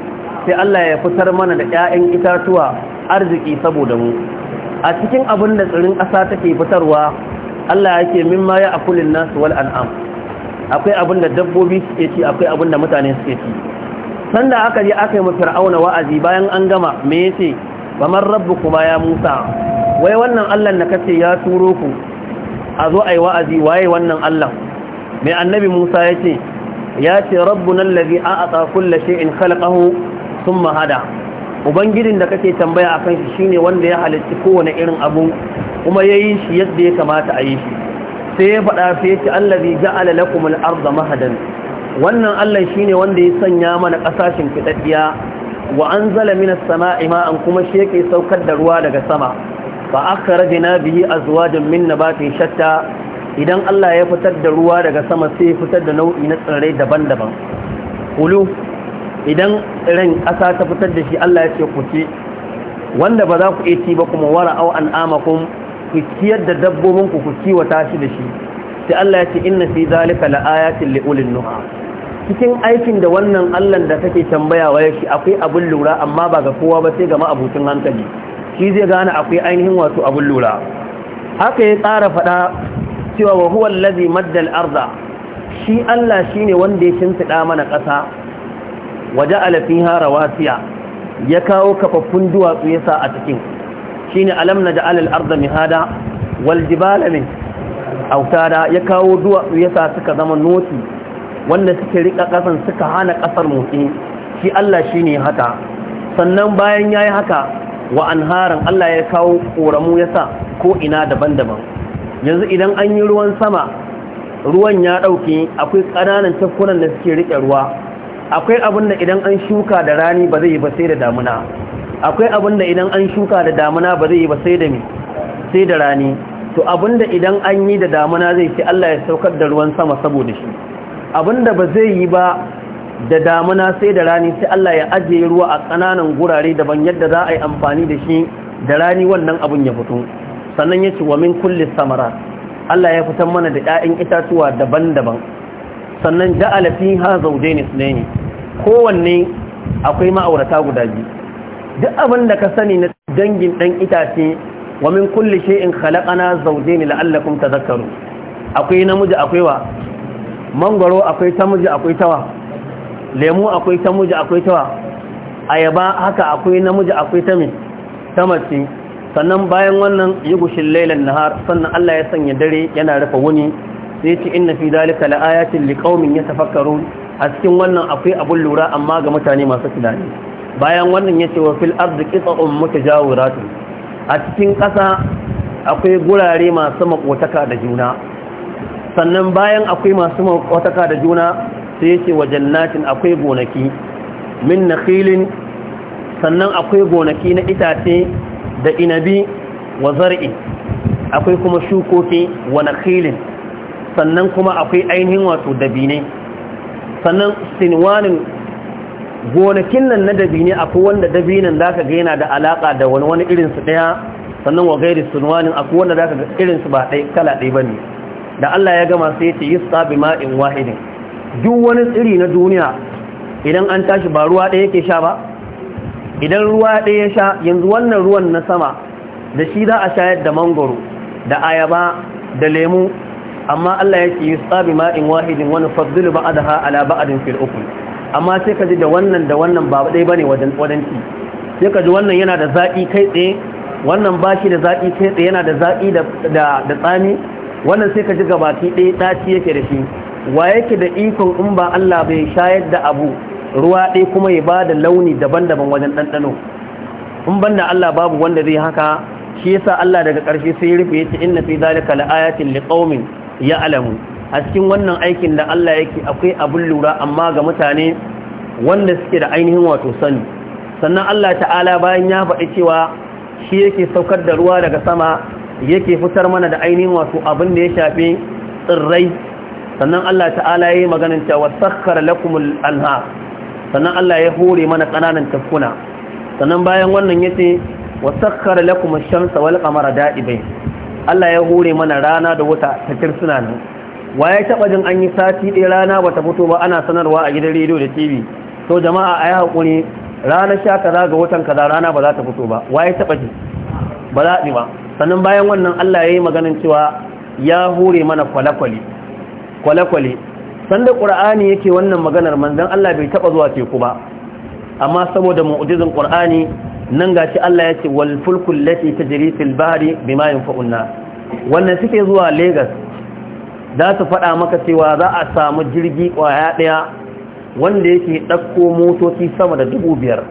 sai Allah ya fitar mana da ƴaƴan itatuwa arziki saboda mu a cikin abin da tsirin ƙasa take fitarwa Allah yake mimma ya akulin nasu wal an'am akwai abin da dabbobi suke ci akwai abin da mutane suke ci sanda aka je aka yi mu fir'auna wa'azi bayan an gama me yace kamar rabbukuma ya Musa wai wannan Allah da kace ya turo ku a zo ai wa'azi waye wannan Allah mai annabi Musa yace ya ce rabbuna allazi a'ata kulli shay'in khalaqahu sun mahada ubangijin da kake tambaya a akan shi shine wanda ya halitta kowane irin abu kuma ya yi shi yadda ya kamata a yi shi sai ya faɗa sai ya ce allazi ja'ala lakum al-ardha mahadan wannan Allah shine wanda ya sanya mana kasashin fitaddiya wa anzala minas sama'i ma'an kuma shi yake saukar da ruwa daga sama Ba fa akhrajna bihi azwajan min nabatin shatta idan Allah ya fitar da ruwa daga sama sai ya fitar da nau'i na tsirrai daban-daban kulu idan ran ƙasa ta fitar da shi Allah ya ce ku ci wanda ba za ku iya ci ba kuma wara au an'amakum ku ciyar da dabbobin ku ku kiwata shi da shi sai Allah ya ce inna fi zalika laayatin li ulil nuha cikin aikin da wannan Allah da take tambaya wa yake akwai abun lura amma ba ga kowa ba sai ga ma'abucin hankali shi zai gane akwai ainihin wato abun lura haka ya tsara fada cewa wa huwa allazi madda al-arda shi Allah shine wanda ya shimfida mana ƙasa waje hara wasiya ya kawo kafaffun duwatsu ya sa a cikin shi ne alam na ja'alar arda mihada hada, autada ya kawo duwatsu ya sa suka zama noti wanda suke rika ƙasan suka hana ƙasar motsi shi Allah shi ne haka sannan bayan ya yi haka wa an anharan Allah ya kawo ƙoramu ya sa ko ina daban-daban yanzu idan an yi ruwan sama ruwan ya ɗauke akwai ƙananan tafkunan da suke riƙe ruwa akwai abin da idan an shuka da rani ba zai yi ba sai da damuna akwai abin da idan an shuka da damuna ba zai yi ba sai da mi sai da rani to abin da idan an yi da damuna zai ce Allah ya saukar da ruwan sama saboda shi abin da ba zai yi ba da damuna sai da rani sai Allah ya ajiye ruwa a ƙananan gurare daban yadda za a yi amfani da shi da rani wannan abin ya fito sannan ya ce wa min kulli samara Allah ya fitar mana da 'ya'yan itatuwa daban-daban sannan ja'ala fiha zawjayn ithnayn kowanne akwai ma'aurata guda biyu duk abin da ka sani na dangin dan itace wa min kulli shay'in khalaqana zawjayn la'allakum tadhakkaru akwai namiji akwai wa mangoro akwai tamiji akwai tawa lemu akwai tamiji akwai tawa ayaba haka akwai namiji akwai tami tamaci sannan bayan wannan yugushin lailan nahar sannan Allah ya sanya dare yana rufe wuni sai ce inna fi dalika laayatin liqaumin yatafakkarun a cikin wannan akwai abun lura amma ga mutane masu tunani bayan wannan ya ce wa fil ardi qita'un ratu a cikin ƙasa akwai gurare masu makotaka da juna sannan bayan akwai masu makotaka da juna sai yace wa jannatin akwai gonaki min nakhilin sannan akwai gonaki na itace da inabi wa zar'i akwai kuma shukoki wa nakhilin sannan kuma akwai ainihin wato dabinai sannan sinwanin gonakin nan na dabini akwai wanda nan za ka gaina da alaƙa da wani wani irinsu ɗaya sannan wa gairi sinwanin akwai wanda za ka ga irinsu ba ɗai kala ɗai ba ne da Allah ya gama sai ce yi sabi ma'in wahidin duk wani tsiri na duniya idan an tashi ba ruwa ɗaya yake sha ba idan ruwa ɗaya ya sha yanzu wannan ruwan na sama da shi za a shayar da mangoro da ayaba da lemu amma Allah yake yi tsabi ma'in wahidin wani fadlu ba'adaha ala ba'adin fil ukul amma sai ka ji da wannan da wannan ba dai bane wajen wadanci sai ka ji wannan yana da zaki kai tsaye wannan bashi da zaki kai tsaye yana da zaki da da tsami wannan sai ka ji gabaki ɗaya ɗaci yake da shi wa yake da ikon in ba Allah bai shayar da abu ruwa ɗaya kuma ya ba da launi daban-daban wajen ɗanɗano in banda Allah babu wanda zai haka shi yasa Allah daga ƙarshe sai ya rufe yace inna fi zalika laayatin liqaumin ya alamu a cikin wannan aikin da Allah yake akwai abin lura amma ga mutane wanda suke da ainihin wato sani sannan Allah ta'ala bayan ya faɗi cewa shi yake saukar da ruwa daga sama yake fitar mana da ainihin wato abin da ya shafi tsirrai sannan Allah ta'ala ya yi maganin cewa sakkara lakumul anha sannan Allah ya hore mana ƙananan tafkuna sannan bayan wannan yace wa sakkara lakum shamsa wal qamara da'ibain Allah ya hore mana rana da wata ta kirsuna nan wa ya taba jin an yi sati ɗaya rana ba ta fito ba ana sanarwa a gidan rediyo da TV to jama'a ai hakuri ranar sha kaza ga watan kaza rana ba za ta fito ba wa ya taba ji ba za ba sannan bayan wannan Allah ya yi maganin cewa ya hore mana kwalakwale kwalakwale sanda qur'ani yake wannan maganar manzon Allah bai taɓa zuwa teku ba amma saboda mu'jizin qur'ani nan gashi Allah ya ce wal fulku lati tajri fil bahri bima yanfa'un na, wannan suke zuwa Lagos za su faɗa maka cewa za a samu jirgi kwaya daya wanda yake ɗauko motoci sama da dubu biyar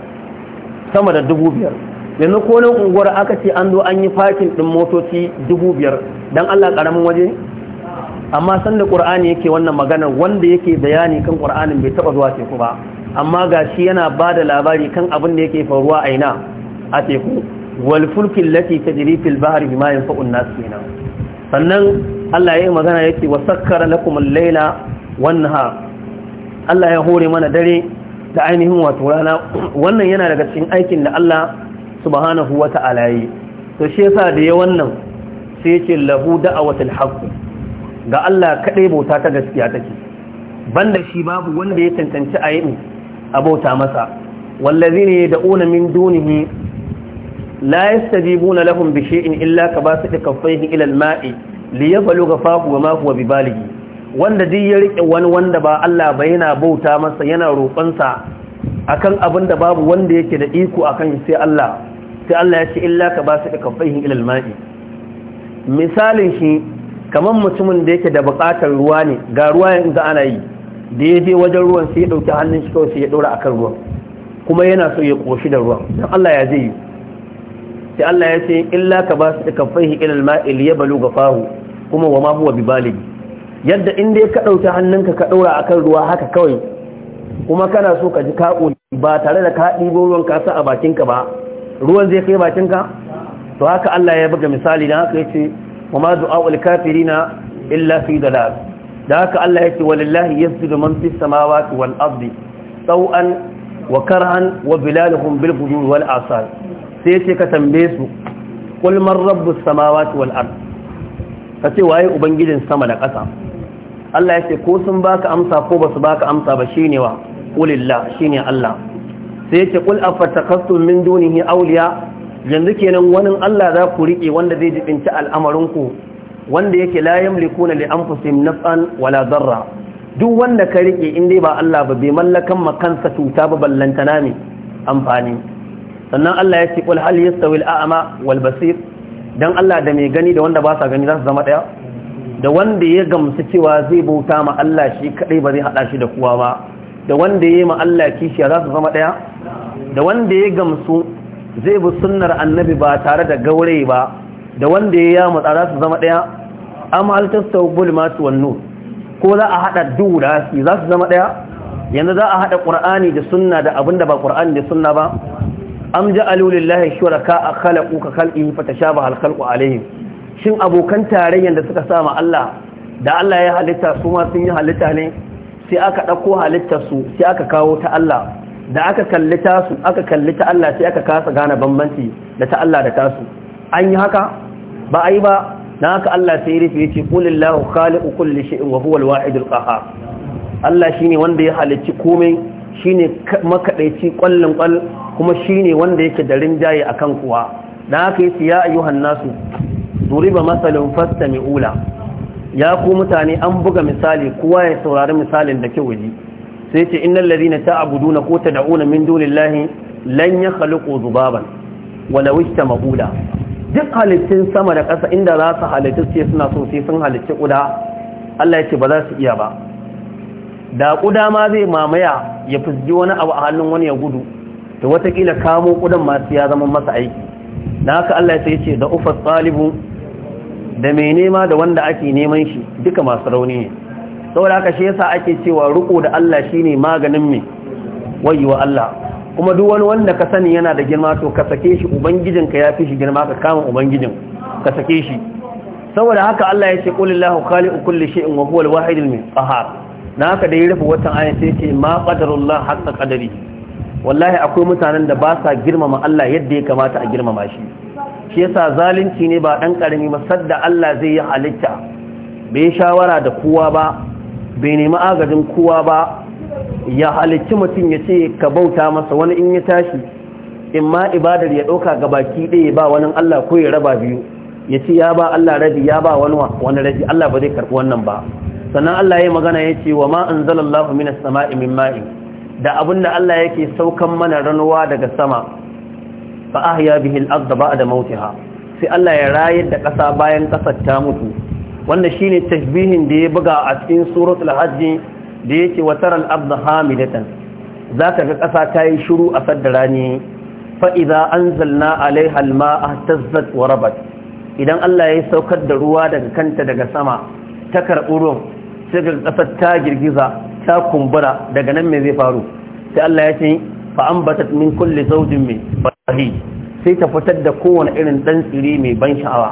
sama da dubu biyar yanzu ko nan unguwar aka ce an zo an yi fakin ɗin motoci dubu biyar don allah ƙaramin waje amma sanda ƙur'ani yake wannan maganar wanda yake bayani kan qur'anin bai taba zuwa teku ba amma ga shi yana ba da labari kan abin da yake faruwa a ina a teku walfulkin lati ta jiri fil bahar bi mayan fa'un nasu ina sannan Allah ya yi magana ya ce wa sakkara kuma laila wannan ha Allah ya hore mana dare da ainihin wato rana wannan yana daga cikin aikin da Allah subhanahu wa ta'ala yi to shi yasa da ya wannan sai ya ce lahu da'awatul haqq ga Allah kadai bauta ta gaskiya take banda shi babu wanda ya tantance ayyuka abauta masa da una min dunihi la yastajibuna lahum bi shay'in illa ka basita kaffayhi ila al-ma'i liyabluga fahu wa ma huwa balighi wanda duk ya rike wani wanda ba Allah ba yana bauta masa yana roƙonsa akan abin da babu wanda yake da iko akan sai Allah sai Allah ya ce illa basita kaffayhi ila al-ma'i misalin shi kamar mutumin da yake da buƙatar ruwa ne ga ruwa yanzu ana yi da ya je wajen ruwan sai ya ɗauki hannun shi kawai sai ya ɗora kan ruwan kuma yana so ya ƙoshi da ruwan don Allah ya zai yi sai Allah ya ce illa ka ba su fahi ilal ma'il ya balu fahu, kuma wa ma huwa bibali. yadda in dai ka ɗauki hannunka ka ɗora akan ruwa haka kawai kuma kana so ka ji ba tare da ka ɗibo ruwan ka sa a bakinka ba ruwan zai kai bakinka to haka Allah ya buga misali don haka ya ce wa ma du'a ul kafirina illa fi dalal da haka Allah ya ce yake walillahi yasjudu man fis samawati wal ardi taw'an wa karhan wa bilaluhum bil ghudwi wal asar. sai yace ka tambaye su qul man rabbus samawati wal Ka ce waye ubangijin sama da ƙasa Allah ya ce ko sun baka amsa ko basu baka amsa ba shine wa qulillah shine Allah sai ya yace qul afatakastum min dunihi awliya yanzu kenan wani Allah za ku rike wanda zai jibinci ku. wanda yake la yamlikuna li anfusihim naf'an wala darra duk wanda ka rike in dai ba Allah ba bai mallakan makansa cuta ba ballantana ne amfani sannan Allah ya ce qul hal yastawi al-a'ma wal basir dan Allah da mai gani da wanda ba sa gani za su zama daya da wanda ya gamsu cewa zai bauta ma Allah shi kadai ba zai hada shi da kuwa ba da wanda ya ma Allah kishiya za su zama daya da wanda ya gamsu zai bi sunnar annabi ba tare da gaure ba da wanda ya yamu za su zama ɗaya an hal ko za a haɗa duhu da za su zama ɗaya yanzu za a haɗa qur'ani da sunna da abinda ba ƙur'ani da sunna ba ji ja'alu lillahi shuraka khalaqu ka fata sha ba khalqu alaihim shin abokan tarayyar da suka sama Allah da Allah ya halitta su ma sun yi halitta ne sai aka ɗauko halitta su sai aka kawo ta Allah da aka kalli ta su aka kalli ta Allah sai aka kasa gane bambanci da ta Allah da tasu an yi haka ba a yi ba na haka Allah sai ya rufe ya ce kulillahu khaliqu kulli shay'in wa huwa wa'idul ƙaha Allah Allah ne wanda ya halicci komai ne makaɗaici ƙwallon ƙwal kuma shi ne wanda yake da rinjaye kan kuwa na haka siya zuri ba nasu fasta mai ula ya ku mutane an buga misali kowa ya saurari misalin da ke waje sai ce ta ladina na ko da'una min dunillahi lan Zubaban, wala walau ma'ula. duk halittun sama da ƙasa inda za su halittu ce suna so sai sun halitti ƙuda Allah ya ce ba za su iya ba da ƙuda ma zai mamaya ya fusgi wani abu a hannun wani ya gudu da watakila kamo ƙudan masu ya zama masa aiki na haka Allah ya ce da ufas ɗalibu da mai nema da wanda ake neman shi duka masu rauni ne saboda haka shi yasa ake cewa riko da Allah shine maganin mai wa Allah kuma duk wani wanda ka sani yana da girma to ka sake shi ubangijin ka ya fi shi girma ka kama ubangijin ka sake shi saboda haka Allah ya ce qulillahu khaliqu kulli shay'in wa huwa al-wahid al-qahhar na haka da ya rufe watan ayan sai ce ma qadarullah haqqa qadari wallahi akwai mutanen da ba sa girmama Allah yadda ya kamata a girmama shi shi yasa zalunci ne ba dan karami masadda Allah zai yi halitta bai shawara da kowa ba bai nemi agajin kowa ba ya halicci mutum ya ce ka bauta masa wani in ya tashi in ma ibadar ya ɗauka ga baki ɗaya ba wani Allah ko ya raba biyu ya ce ya ba Allah rabi ya ba wani wani rabi Allah ba zai karɓi wannan ba sannan Allah ya magana ya ce wa ma anzalallahu mina sama'i min ma'in da abin da Allah yake saukan mana ranuwa daga sama fa ahya bihi al-ardh ba'da sai Allah ya rayar da ƙasa bayan ƙasar ta mutu wannan shine tashbihin da ya buga a cikin suratul hajj da yake wataran abda hamidatan za ka ga ƙasa ta yi shiru a sadda rani fa'iza an zalna halma a tazzat wa rabat idan Allah ya saukar da ruwa daga kanta daga sama ta karɓi ruwan sai ga ƙasar ta girgiza ta kumbura daga nan mai zai faru sai Allah ya ce ta min kulle zaujin mai fahi sai ta fitar da kowane irin ɗan tsiri mai ban sha'awa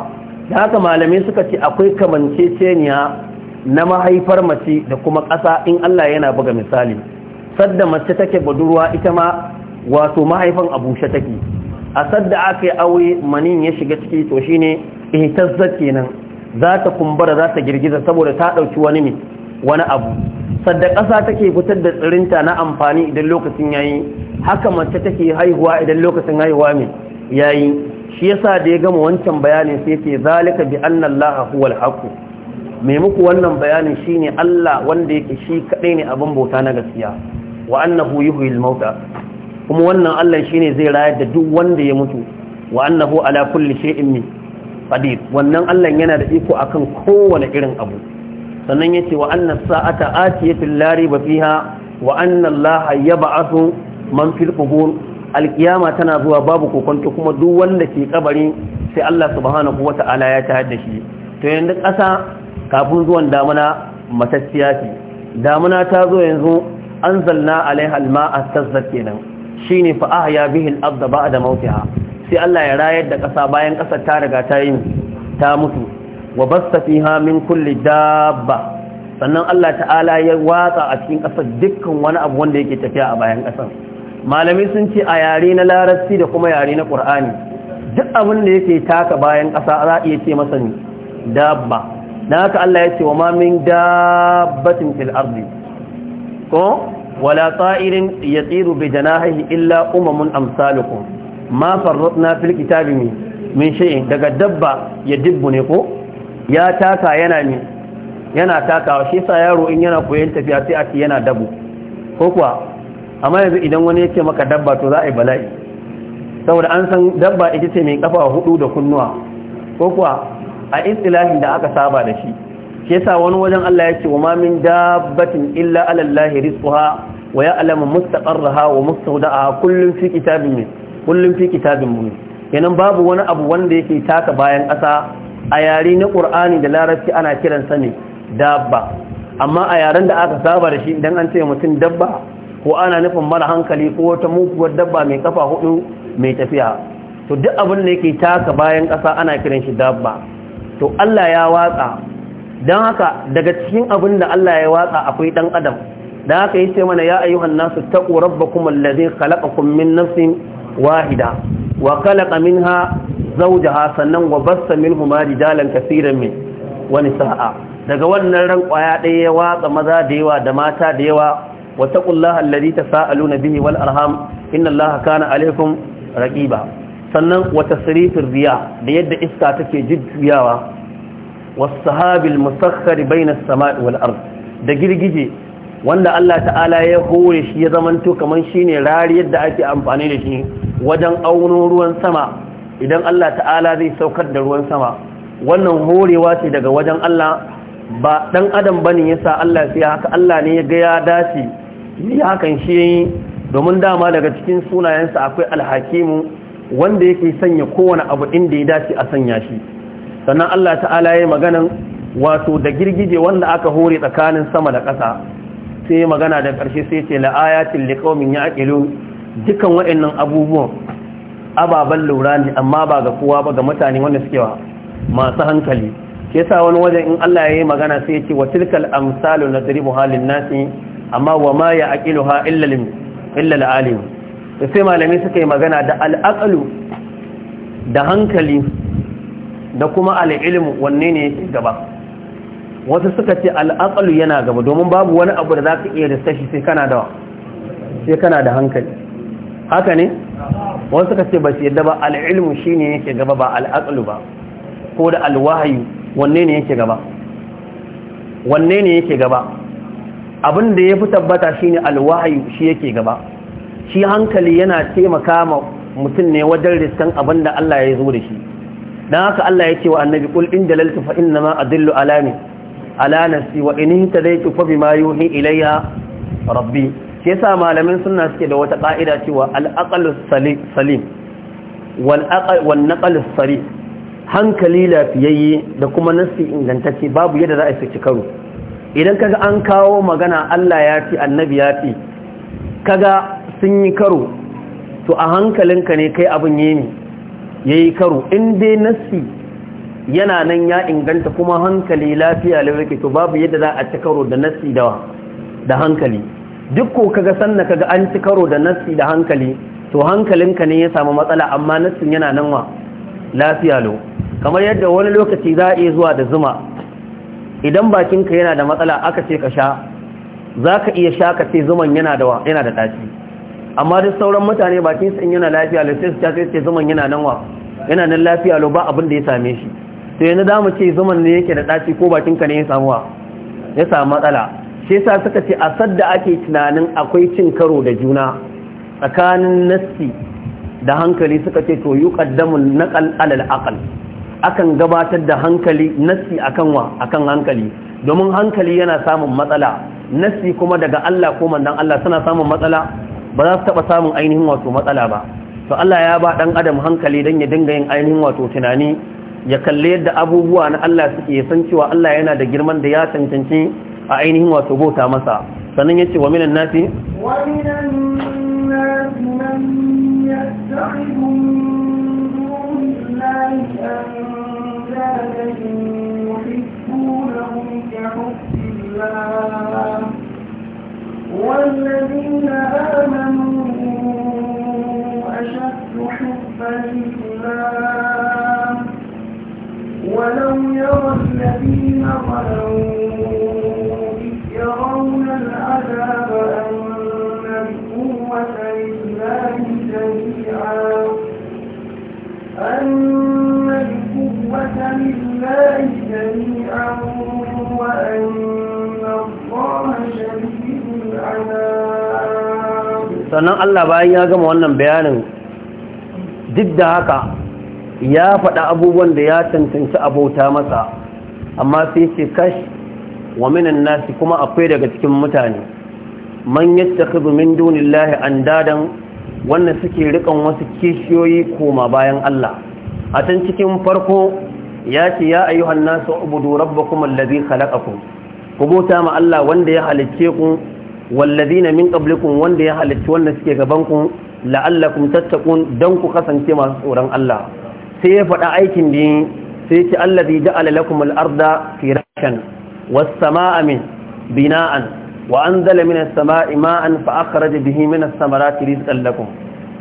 da haka malamai suka ce akwai kamanceceniya na mahaifar mace da kuma ƙasa in Allah yana buga misali sadda mace take budurwa ita ma wato mahaifan abushe take a sadda aka yi aure manin ya shiga ciki to shine ihtazzat kenan za ta kumbura za ta girgiza saboda ta ɗauki wani ne wani abu sadda ƙasa take fitar da tsirinta na amfani idan lokacin yayi haka mace take haihuwa idan lokacin haihuwa ne yayi shi yasa da ya gama wancan bayanin sai ce zalika bi anna huwal haqq mai muku wannan bayanin shi ne Allah wanda yake shi kaɗai ne abin bauta na gaskiya wa annahu yuhyil mauta kuma wannan Allah shi ne zai rayar da duk wanda ya mutu wa annahu ala kulli shay'in qadir wannan Allah yana da iko akan kowane irin abu sannan yace wa anna sa'ata atiyatul la ba fiha wa anna Allah yab'athu man fil qubur alkiyama tana zuwa babu kokonto kuma duk wanda ke kabari sai Allah subhanahu wata'ala ya tayar da shi to yanzu ƙasa kafin zuwan damuna matacciya ce damuna ta zo yanzu an zalna alaiha alma'a tazzar kenan shine fa ahya bihi al-ard ba'da mawtiha sai Allah ya rayar da ƙasa bayan ƙasar ta riga ta yi ta mutu wa basta fiha min kulli dabba sannan Allah ta'ala ya watsa a cikin ƙasar dukkan wani abu wanda yake tafiya a bayan ƙasar malami sun ce a yare na larabci da kuma yare na ƙur'ani duk abin da yake taka bayan ƙasa za a iya ce masa ne dabba Na haka Allah ya ce wa ma min dabbatin fil ardi ko wala ta'irin yatiru bi janahihi illa umamun amsalukum ma farratna fil kitabi min shay'in daga dabba ya dibbu ne ko ya taka yana ne yana takawa shi sa yaro in yana koyon tafiya sai a ce yana dabu ko kuwa amma yanzu idan wani ya maka dabba to za a yi bala'i saboda an san dabba ita ce mai kafa hudu da kunnuwa ko kuwa a istilahin da aka saba da shi shi yasa wani wajen Allah ya ce wa ma min dabbatin illa alallahi rizquha wa ya'lamu mustaqarraha wa mustawda'aha kullun fi kitabin min kullun fi kitabin min kenan babu wani abu wanda yake taka bayan ƙasa a yare na Qur'ani da Larabci ana kiransa ne dabba amma a yaren da aka saba da shi idan an ce mutum dabba ko ana nufin mara hankali ko wata muguwar dabba mai kafa hudu mai tafiya to duk abin da yake taka bayan ƙasa ana kiran shi dabba to Allah ya watsa don haka daga cikin abin da Allah ya watsa akwai ɗan adam don haka ce mana ya ayyuhan nasu taqu kuma allazi khalaqakum min nafsin wahida wa khalaqa minha zawjaha sannan wa bassa minhuma rijalan kaseeran min wani sa'a. daga wannan ran kwaya ɗaya ya watsa maza da yawa da mata da yawa wa ta allazi tasaaluna bihi wal arham inna allaha kana alaykum raqiba sannan wata sirifin riya da yadda iska take jujjuyawa wasu sahabil musakhari bainar sama'i wal ard da girgije wanda Allah ta'ala ya hore shi ya zamanto kaman shine rari yadda ake amfani da shi wajen auno ruwan sama idan Allah ta'ala zai saukar da ruwan sama wannan horewa ce daga wajen Allah ba ɗan adam bane yasa Allah sai haka Allah ne ya ga ya dace ni hakan shi domin dama daga cikin sunayensa akwai alhakimu wanda yake sanya kowane abu inda ya dace a sanya shi sannan Allah ta'ala ya maganan wato da girgije wanda aka hore tsakanin sama da ƙasa sai ya magana da ƙarshe sai ce la'ayatin liqaumin ya'qilun dukan waɗannan abubuwan ababan lura ne amma ba ga kowa ba ga mutane wanda suke wa masu hankali ke sa wani wajen in Allah ya yi magana sai ya ce wa tilkal amsalu nadribu halin nasi amma wa ma aqiluha illa lil illa da sai malamai suka yi magana da al'aqalu da hankali da kuma al'ilmu wanne ne yake gaba wasu suka ce al'aqalu yana gaba domin babu wani abu da za ka iya da sashi sai kana da sai kana da hankali haka ne wasu suka ce ba su yadda ba al'ilmu shi ne yake gaba ba al'aqalu ba ko da alwahayi wanne ne yake gaba wanne ne yake gaba abin da ya fi tabbata shi ne alwahayi shi yake gaba shi hankali yana taimaka ma mutum ne wajen riskan abin da Allah ya yi zo da shi don haka Allah ya ce wa annabi kul in dalaltu fa inna ma adillu alami ala nafsi wa in hintadaitu fa bima yuhi ilayya rabbi shi yasa malamin suna suke da wata ƙa'ida cewa al-aqlu salim wal hankali lafiyayye da kuma nassi ingantacce babu yadda za a saki karo idan kaga an kawo magana Allah ya ce annabi ya ce kaga sun yi karo to a hankalinka ne kai abin yi ne ya yi karo inda dai nassi yana nan ya inganta kuma hankali lafiya lafiya to babu yadda za a ci karo da nassi da hankali duk ko kaga sanna kaga an ci karo da nassi da hankali to hankalinka ne ya samu matsala amma nassin yana nan wa lafiya lau kamar yadda wani lokaci za a iya zuwa da zuma idan bakinka yana da matsala aka ce ka sha za ka iya sha ka ce zuman yana da ɗaci amma da sauran mutane bakin sun yana lafiya lo sai su ta sai zuman yana nan wa yana nan lafiya lo ba abin da ya same shi to yana da mu ce zaman ne yake da daci ko bakin ka ne ya samu wa ya samu matsala shi yasa suka ce a sadda ake tunanin akwai cin karo da juna tsakanin nasti da hankali suka ce to yuqaddamu naqal alal aqal akan gabatar da hankali nasti akan wa akan hankali domin hankali yana samun matsala nasti kuma daga Allah ko mandan Allah suna samun matsala ba za su taɓa samun ainihin wato matsala ba to Allah ya ba ɗan adam hankali don ya dinga yin ainihin wato tunani ya kalli yadda abubuwa na Allah suke san cewa Allah yana da girman da ya cancanci a ainihin wato bauta masa sannan ya ce wa minan nasi wa minan nasi man والذين آمنوا أشد حبا لله ولو يرى الذين ظلموا يرون العذاب أن القوة لله جميعا أن القوة لله جميعا وأن الله sannan Allah bayan ya gama wannan bayanin duk da haka ya faɗa abubuwan da ya cancanci abota masa amma sai ce kash wa minan nasi kuma akwai daga cikin mutane man yattakhidhu min an dadan wannan suke rikan wasu kishiyoyi koma bayan Allah a can cikin farko ya ce ya ayyuhan nasu rabba kuma allazi khalaqakum ku bota ma Allah wanda ya halicce ku wallazina min qablikum wanda ya halitta wanda suke gaban ku la'allakum tattaqun dan ku kasance masu tsoron Allah sai ya faɗa aikin da sai ce allazi ja'ala lakum al-arda firashan was-samaa min bina'an wa anzala min as-samaa'i ma'an fa akhraja bihi min as-samarati rizqan lakum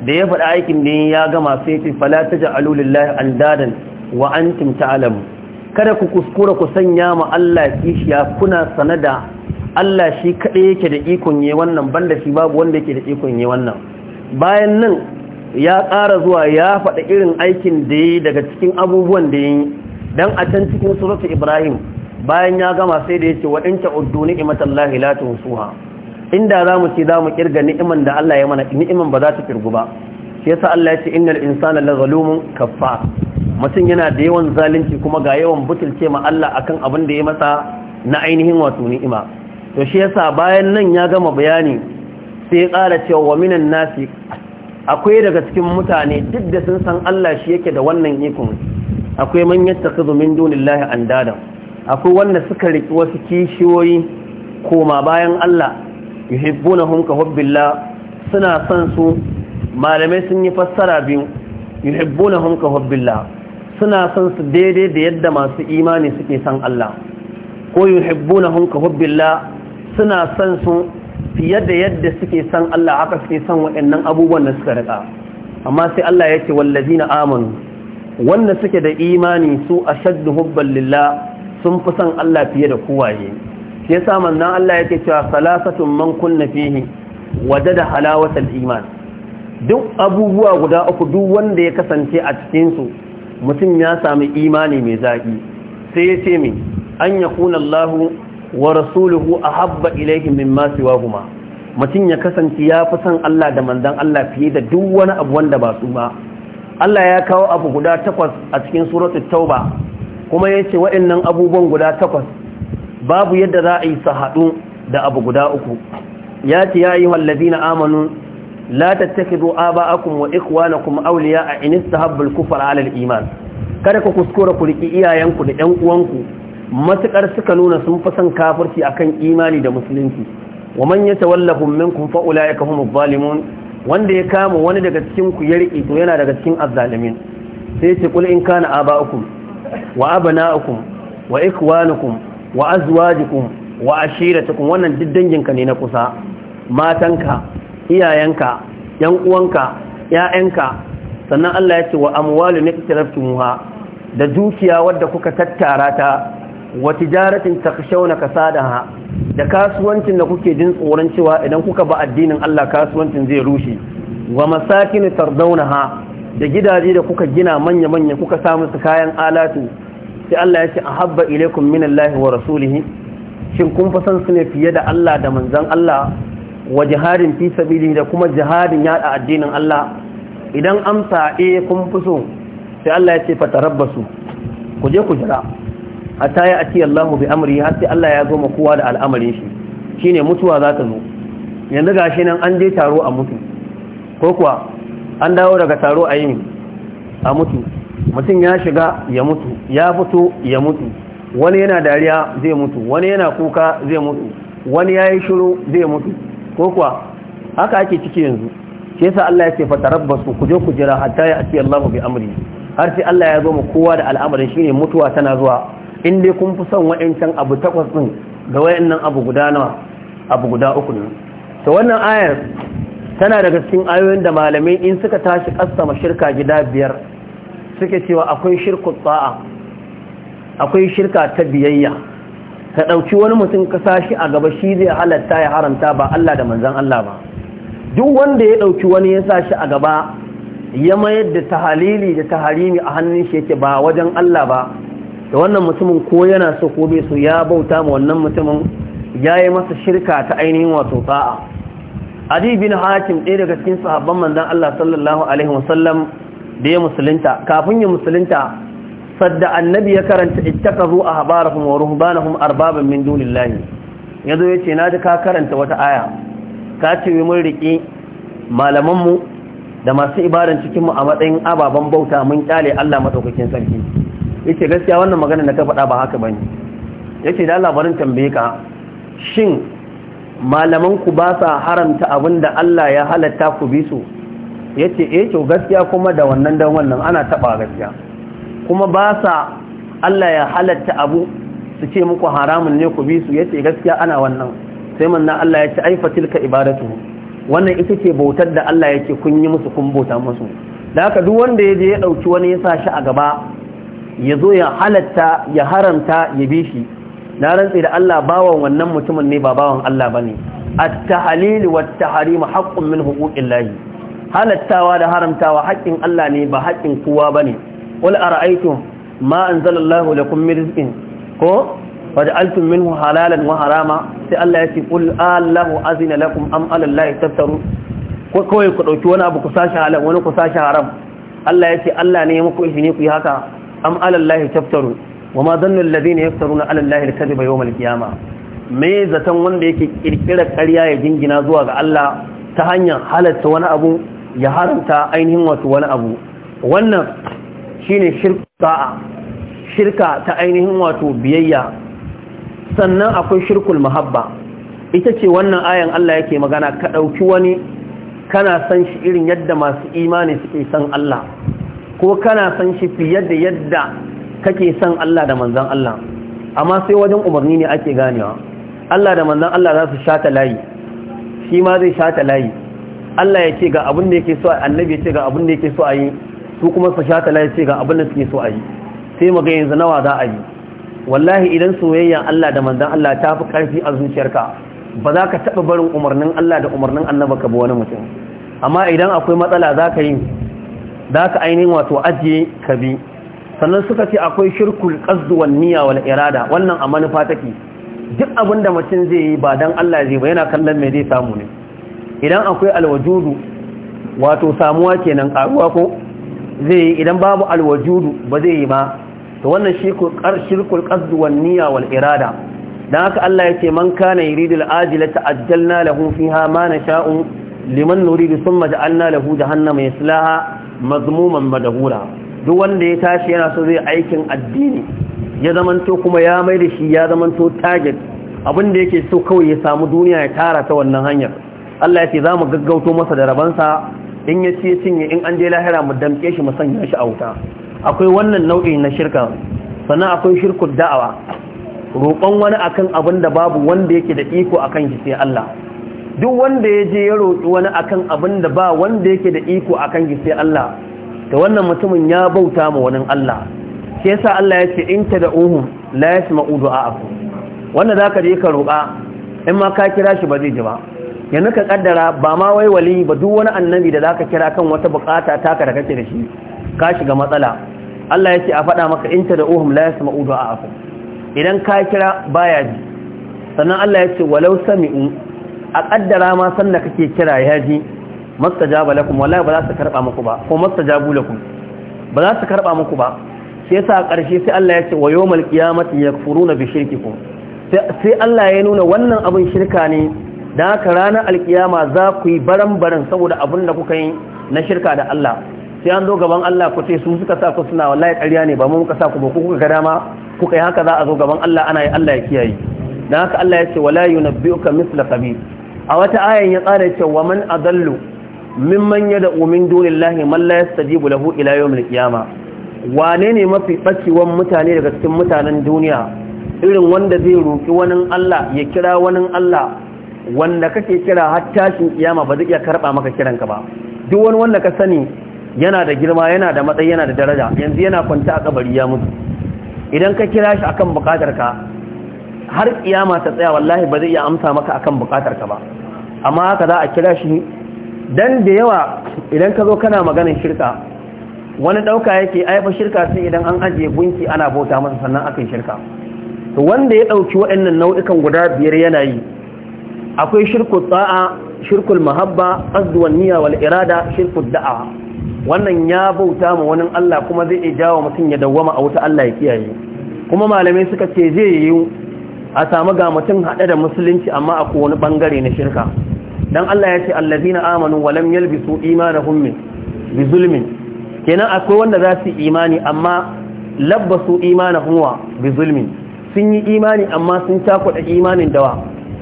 da ya faɗa aikin da ya gama sai ce fala taj'alu lillahi andadan wa antum ta'lamun kada ku kuskura ku sanya ma Allah kishiya kuna sanada Allah shi kaɗai yake da ikon yi wannan banda shi babu wanda yake da ikon yi wannan bayan nan ya ƙara zuwa ya faɗa irin aikin da yi daga cikin abubuwan da yi don a can cikin suratu ibrahim bayan ya gama sai da ya ce waɗin ta'uddu ni'imatan lahi la tunsuha inda za mu ce za mu kirga ni'iman da Allah ya mana ni'iman ba za ta kirgu ba shi yasa Allah ya ce innal insana la zalumun kaffa mutum yana da yawan zalunci kuma ga yawan butulce ma Allah akan abin da ya masa na ainihin wato ni'ima to shi yasa bayan nan ya gama bayani sai ya kara cewa wa minan nasi akwai daga cikin mutane duk da sun san Allah shi yake da wannan ikon akwai man yattakhidhu min dunillahi andada akwai wanda suka riki wasu kishiyoyi koma bayan Allah yuhibbunahum ka hubbillah suna son su malamai sun yi fassara biyu yuhibbunahum ka hubbillah suna son su daidai da yadda masu imani suke san Allah ko yuhibbunahum ka hubbillah suna son su fiye da yadda suke son Allah aka suke son waɗannan abubuwan da suka rika amma sai Allah ya ce na amanu wanda suke da imani su ashaddu hubban lillah sun fi son Allah fiye da kowaye shi yasa manzon Allah yake cewa salasatun man kunna fihi wajada halawatal iman duk abubuwa guda uku duk wanda ya kasance a cikin su mutum ya sami imani mai zaki sai ya ce min an yakuna Allahu wa rasuluhu ahabba ilayhi mimma siwahuma mutum ya kasance ya fi son Allah da manzon Allah fiye da duk wani abu wanda ba su ba Allah ya kawo abu guda takwas a cikin suratu tauba kuma yace waɗannan abubuwan guda takwas babu yadda za a yi su haɗu da abu guda uku ya ce ya yi wallazi na amanu la tattakidu aba'akum wa ikhwanakum awliya a inista habbul alal iman kada ku kuskura ku riki iyayenku da ƴan uwanku matuƙar suka nuna sun fi son kafirci akan imani da musulunci wa man yatawallahum minkum fa ulaika humuz zalimun wanda ya kama wani daga cikin ku ya riƙe to yana daga cikin azzalimin sai ce kul in kana aba'ukum wa abna'ukum wa ikwanukum wa azwajukum wa ashiratukum wannan duk danginka ne na kusa matanka iyayenka yan uwanka ‘ya'yanka sannan Allah ya ce wa amwalu ne da dukiya wadda kuka tattara ta wa tijaratin takshawna kasadaha da kasuwancin da kuke jin tsoron cewa idan kuka ba addinin Allah kasuwancin zai rushe wa masakin tardawnaha da gidaje da kuka gina manya manya kuka samu su kayan alatu sai Allah ya ce ahabba ilaikum minallahi wa rasulihi shin kun fa san su fiye da Allah da manzon Allah wa jihadin fi sabilihi da kuma jihadin yada addinin Allah idan amsa eh kun fi so sai Allah ya ce fatarabbasu ku je ku jira hatta ya ati Allah bi amri har sai Allah ya zo ma kowa da al'amarin shi shine mutuwa za ta zo yanzu gashi nan an je taro a mutu ko kuwa an dawo daga taro a yin a mutu mutum ya shiga ya mutu ya fito ya mutu wani yana dariya zai mutu wani yana kuka zai mutu wani ya yi shiru zai mutu ko kuwa haka ake ciki yanzu shi yasa Allah ya ce fa tarabbasu ku je ku jira hatta ya ati Allah bi amri har sai Allah ya zo ma kowa da al'amarin shine mutuwa tana zuwa in dai kun fi son wa'ancan abu takwas ɗin ga wayannan abu guda nawa abu guda uku ne to wannan ayar tana daga cikin ayoyin da malamai in suka tashi kassama shirka gida biyar suke cewa akwai shirku tsa'a akwai shirka ta biyayya Ka ɗauki wani mutum ka sashi a gaba shi zai halatta ya haramta ba Allah da manzan Allah ba duk wanda ya ɗauki wani ya sa shi a gaba ya mayar da tahalili da taharimi a hannun shi yake ba wajen Allah ba da wannan mutumin ko yana so ko bai so ya bauta ma wannan mutumin ya yi masa shirka ta ainihin wato ta'a adi bin hakim ɗaya daga cikin sahabban manzon Allah sallallahu alaihi wasallam da ya musulunta kafin ya musulunta sadda annabi ya karanta ittakazu ahbarahum wa ruhbanahum arbaban min dunillahi yazo yace ji ka karanta wata aya ka ce mun riki malaman mu da masu ibadar cikin mu a matsayin ababan bauta mun kyale Allah madaukakin sarki yake gaskiya wannan magana da ka faɗa ba haka bane yake da labarin tambaye ka shin malaman ku ba sa haramta abinda Allah ya halatta ku bi su yace eh to gaskiya kuma da wannan dan wannan ana taba gaskiya kuma ba sa Allah ya halatta abu su ce muku haramun ne ku bi su yace gaskiya ana wannan sai manna Allah ya ce ai tilka ibadatu wannan ita ce bautar da Allah yake kun yi musu kun bauta musu da haka duk wanda yaje ya dauki wani yasa shi a gaba ya zo ya halatta ya haramta ya bi shi na rantsi da Allah bawan wannan mutumin ne ba bawan Allah bane at-tahlil wa at-tahrim haqqun min huquqillahi halattawa da haramtawa haƙƙin Allah ne ba haƙƙin kowa bane qul ara'aytum ma anzalallahu lakum min rizqin ko faj'altum minhu halalan wa harama sai Allah ya ce qul allahu azina lakum am ala allahi taftaru ko kawai ku dauki wani abu ku sashi halal wani ku sashi haram Allah ya ce Allah ne ya muku ne ku yi haka am ala taftaru wa ma dhanna alladhina yaftaruna ala Allah al-kadhiba yawm al-qiyamah me zaton wanda yake kirkira ƙarya ya jingina zuwa ga Allah ta hanyar halatta wani abu ya haramta ainihin wasu wani abu wannan shine shirka shirka ta ainihin wato biyayya sannan akwai shirkul mahabba ita ce wannan ayan Allah yake magana ka ɗauki wani kana san shi irin yadda masu imani suke san Allah ko kana san shi fiye da yadda kake san Allah da manzan Allah amma sai wajen umarni ne ake ganewa Allah da manzan Allah za su shata layi shi ma zai shata layi Allah ya ce ga abin da yake so a annabi ya ce ga abin da yake so a yi su kuma su shata layi ce ga abin da suke so a yi sai mu ga yanzu nawa za a yi wallahi idan soyayya Allah da manzan Allah ta fi ƙarfi a zuciyarka ba za ka taɓa barin umarnin Allah da umarnin annaba ka bi wani mutum amma idan akwai matsala za ka yi da aka ainihin wato ajiye ka bi sannan suka ce akwai shirkul qasdu niyya wal irada wannan a manufa take duk abin da mutum zai yi ba don Allah zai ba yana kallon mai zai samu ne idan akwai alwajudu wato samuwa kenan karuwa ko zai yi idan babu alwajudu ba zai yi ba to wannan shirkul qasdu wan niyya wal irada don haka Allah yace man kana ta'ajjal na ajjalna lahu fiha ma sha'un liman nuridu da ja'alna lahu jahannama silaha. mazmuman madahura duk wanda ya tashi yana so zai aikin addini ya zamanto kuma ya mai da shi ya zamanto target abin da yake so kawai ya samu duniya ya tara ta wannan hanyar Allah ya ce za mu gaggauto masa da rabansa in ya ce cinye in an je lahira mu damke shi mu sanya shi a wuta akwai wannan nau'i na shirka sannan akwai shirku da'awa roƙon wani akan abin da babu wanda yake da iko akan shi sai Allah duk wanda ya je ya roƙi wani akan abin da ba wanda yake da iko akan gise Allah to wannan mutumin ya bauta ma wani Allah sai yasa Allah ya ce in tad'uhum la a du'a'akum wanda zaka je ka roƙa in ma ka kira shi ba zai ji ba yanzu ka kaddara ba ma wai wali ba duk wani annabi da zaka kira kan wata bukata taka da kake da shi ka shiga matsala Allah ya ce a faɗa maka in ta da tad'uhum la a du'a'akum idan ka kira baya ji sannan Allah ya ce walau sami'u a kaddara ma kake kira ya ji mastajaba lakum wallahi ba za su karɓa muku ba ko mastajabu lakum ba za su karɓa muku ba sai yasa ƙarshe sai Allah ya ce wa yawmal qiyamati yakfuruna bi shirkikum sai Allah ya nuna wannan abin shirka ne dan haka ranar alkiyama za ku yi baran-baran saboda abin da kuka yi na shirka da Allah sai an zo gaban Allah ku ce su suka sa ku suna wallahi ƙarya ne ba mu muka sa ku ba ku kuka ga dama kuka yi haka za a zo gaban Allah ana yi Allah ya kiyaye dan haka Allah ya ce wala yunabbi'uka misla khabir a wata ayan ya tsara cewa man adallu mimman yad'u min dunillahi man la yastajibu lahu ila yawmil qiyamah wane ne mafi bacewan mutane daga cikin mutanen duniya irin wanda zai roki wani Allah ya kira wani Allah wanda kake kira har tashin kiyama ba zai iya karba maka ka ba duk wani wanda ka sani yana da girma yana da matsayi yana da daraja yanzu yana kwanta a kabari ya mutu idan ka kira shi akan bukatarka har kiyama ta tsaya wallahi ba zai iya amsa maka akan bukatar ka ba amma haka za a kira shi dan da yawa idan ka zo kana maganin shirka wani dauka yake aifa shirka sai idan an ajiye gunki ana bauta masa sannan akan shirka to wanda ya dauki waɗannan nau'ikan guda biyar yana yi akwai shirku tsa'a shirkul mahabba qasduwan niyya wal irada shirku da'a wannan ya bauta ma wani Allah kuma zai iya jawo mutum ya dawwama a wuta Allah ya kiyaye kuma malamai suka ce zai yi a samu ga mutum haɗe da musulunci amma a wani ɓangare na shirka don Allah ya ce na amanu walam su imanin hunmi bi zulmin kenan akwai wanda za su imani amma labba su imanin hunwa bi zulmin sun yi imani amma sun cakuɗa imanin dawa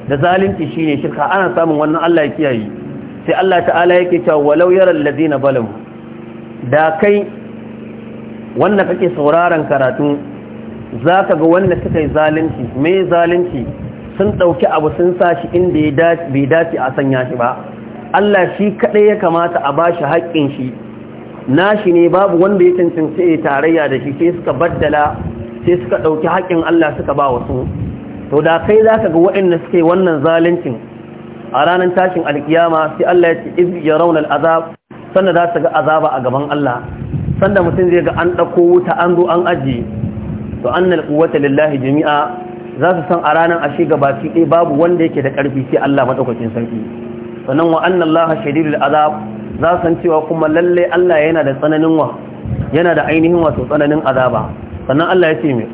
da zalunci shine shirka ana samun wannan Allah ya kiyaye sai Allah ta'ala yake cewa walau allazi na balamu da kai wanda kake sauraron karatu za ka ga wanda suka yi zalunci mai zalunci sun ɗauki abu sun sa shi inda bai dace a sanya shi ba Allah shi kaɗai ya kamata a ba shi haƙƙin shi nashi ne babu wanda ya cancanci ya tarayya da shi sai suka baddala sai suka ɗauki haƙƙin Allah suka ba wasu to da kai za ka ga waɗanda suka yi wannan zaluncin a ranar tashin alkiyama sai Allah ya ce iz ya raunar azab sannan za su ga azaba a gaban Allah sanda mutum zai ga an ɗauko wuta an zo an ajiye to annal quwwata lillahi jami'a za su san a ranar ashe gabaki ɗaya babu wanda yake da ƙarfi sai Allah madaukakin sarki sannan wa anna laha shadidul azab za su san cewa kuma lalle Allah yana da tsananin wa yana da ainihin wato tsananin azaba sannan Allah ya ce mai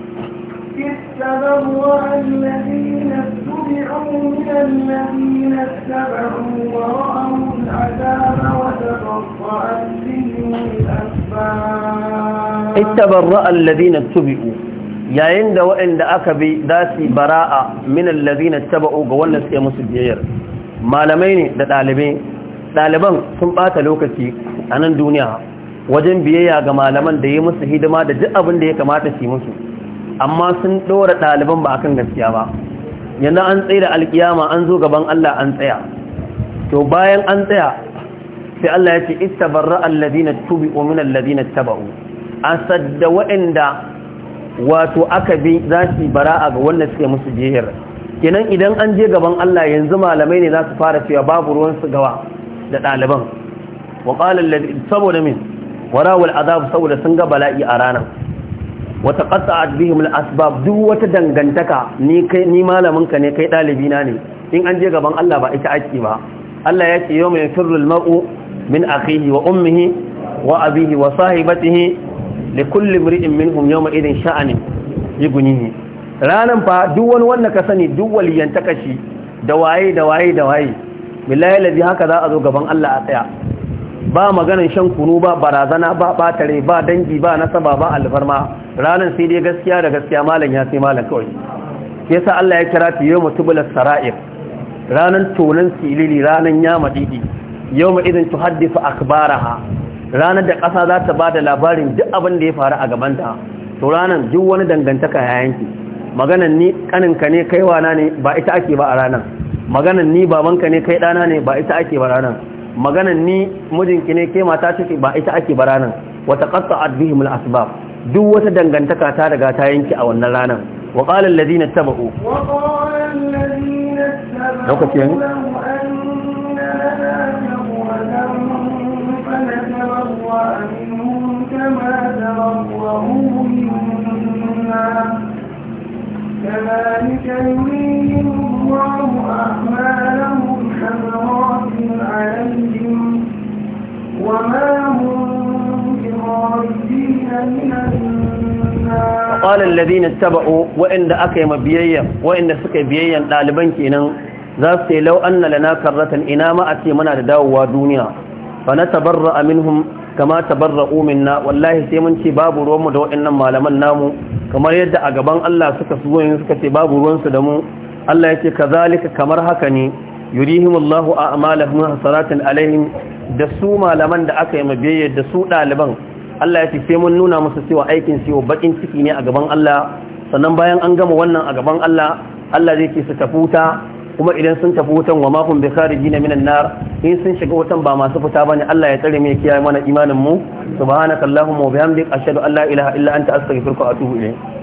استبرأ الذين اتبعوا من الذين yayin da waɗanda aka bi za su bara'a min allazina taba'u ga wannan suke musu biyayyar malamai ne da ɗalibai ɗaliban sun ɓata lokaci a nan duniya wajen biyayya ga malaman da yi musu hidima da duk abin da ya kamata su musu amma sun ɗora ɗaliban ba a kan gaskiya ba yanzu an tsaye da alkiyama an zo gaban Allah an tsaya to bayan an tsaya sai Allah ya ce istabarra allazina tubi'u min allazina taba'u sadda waɗanda wato aka bi za su bara'a ga wanda suke musu jihar kenan idan an je gaban Allah yanzu malamai ne za su fara cewa babu ruwan su gawa da ɗaliban wa da saboda min warawal azab saboda sun ga bala'i a ranar wata a bihim al-asbab duk wata dangantaka ni malaminka ne kai ɗalibina ne in an je gaban Allah ba ita ake ba Allah ya ce yau mai al-mar'u min akhihi wa ummihi wa abihi wa sahibatihi li kulli mri'in minhum yawma idin sha'anin yughnihi ranan fa duk wani wanda ka sani duk waliyan takashi da waye da waye da waye billahi ladhi haka za a zo gaban Allah a tsaya ba maganan shan kunu ba barazana ba batare ba dangi ba nasaba ba alfarma ranan sai dai gaskiya da gaskiya malam ya sai malam kawai yasa Allah ya kira ta yawma tubul sara'ir ranan tonan silili ranan yama didi yawma idan tuhaddifu akbaraha ranar da ƙasa za ta ba da labarin duk abin da ya faru a gabanta to ranar duk wani dangantaka ya yanki maganan ni kaninka ne kai wana ne ba ita ake ba a ranar maganan ni babanka ne kai ɗana ne ba ita ake ba ranar maganan ni mijinki ne ke mata ce ba ita ake ba ranar wata qatta'at bihim al-asbab duk wata dangantaka ta daga ta yanki a wannan ranar wa qala alladhina tabau wa qala alladhina tabau منهم كما تبرأوا منا كذلك يريهم الله أعمالهم حسرات عليهم وما هم بخارجين من قال الذين اتبعوا وإن أكيم بيئيا وإن سكي بيئيا لالبنك إنه za لو ان لنا an na اتي karratan ina ma a ce muna kama tabarra'u minna wallahi sai mun ce babu ruwanmu da waɗannan malaman namu kamar yadda a gaban Allah suka so yin suka ce babu ruwansu da mu Allah yake kazalika kamar haka ne yurihimullahu a'malahum hasaratin alaihim da su malaman da aka yi biyayya da su ɗaliban Allah yake sai mun nuna musu cewa aikin su bakin ciki ne a gaban Allah sannan bayan an gama wannan a gaban Allah Allah zai ce su tafuta kuma idan sun tafi wutan wa bai bi kharijina minan nar in sun shiga wutan ba masu fita ba ne Allah ya tsare mu ya kiyaye mana imanin mu subhanakallahumma wa bihamdik ashhadu an la ilaha illa anta astaghfiruka wa atubu ilayk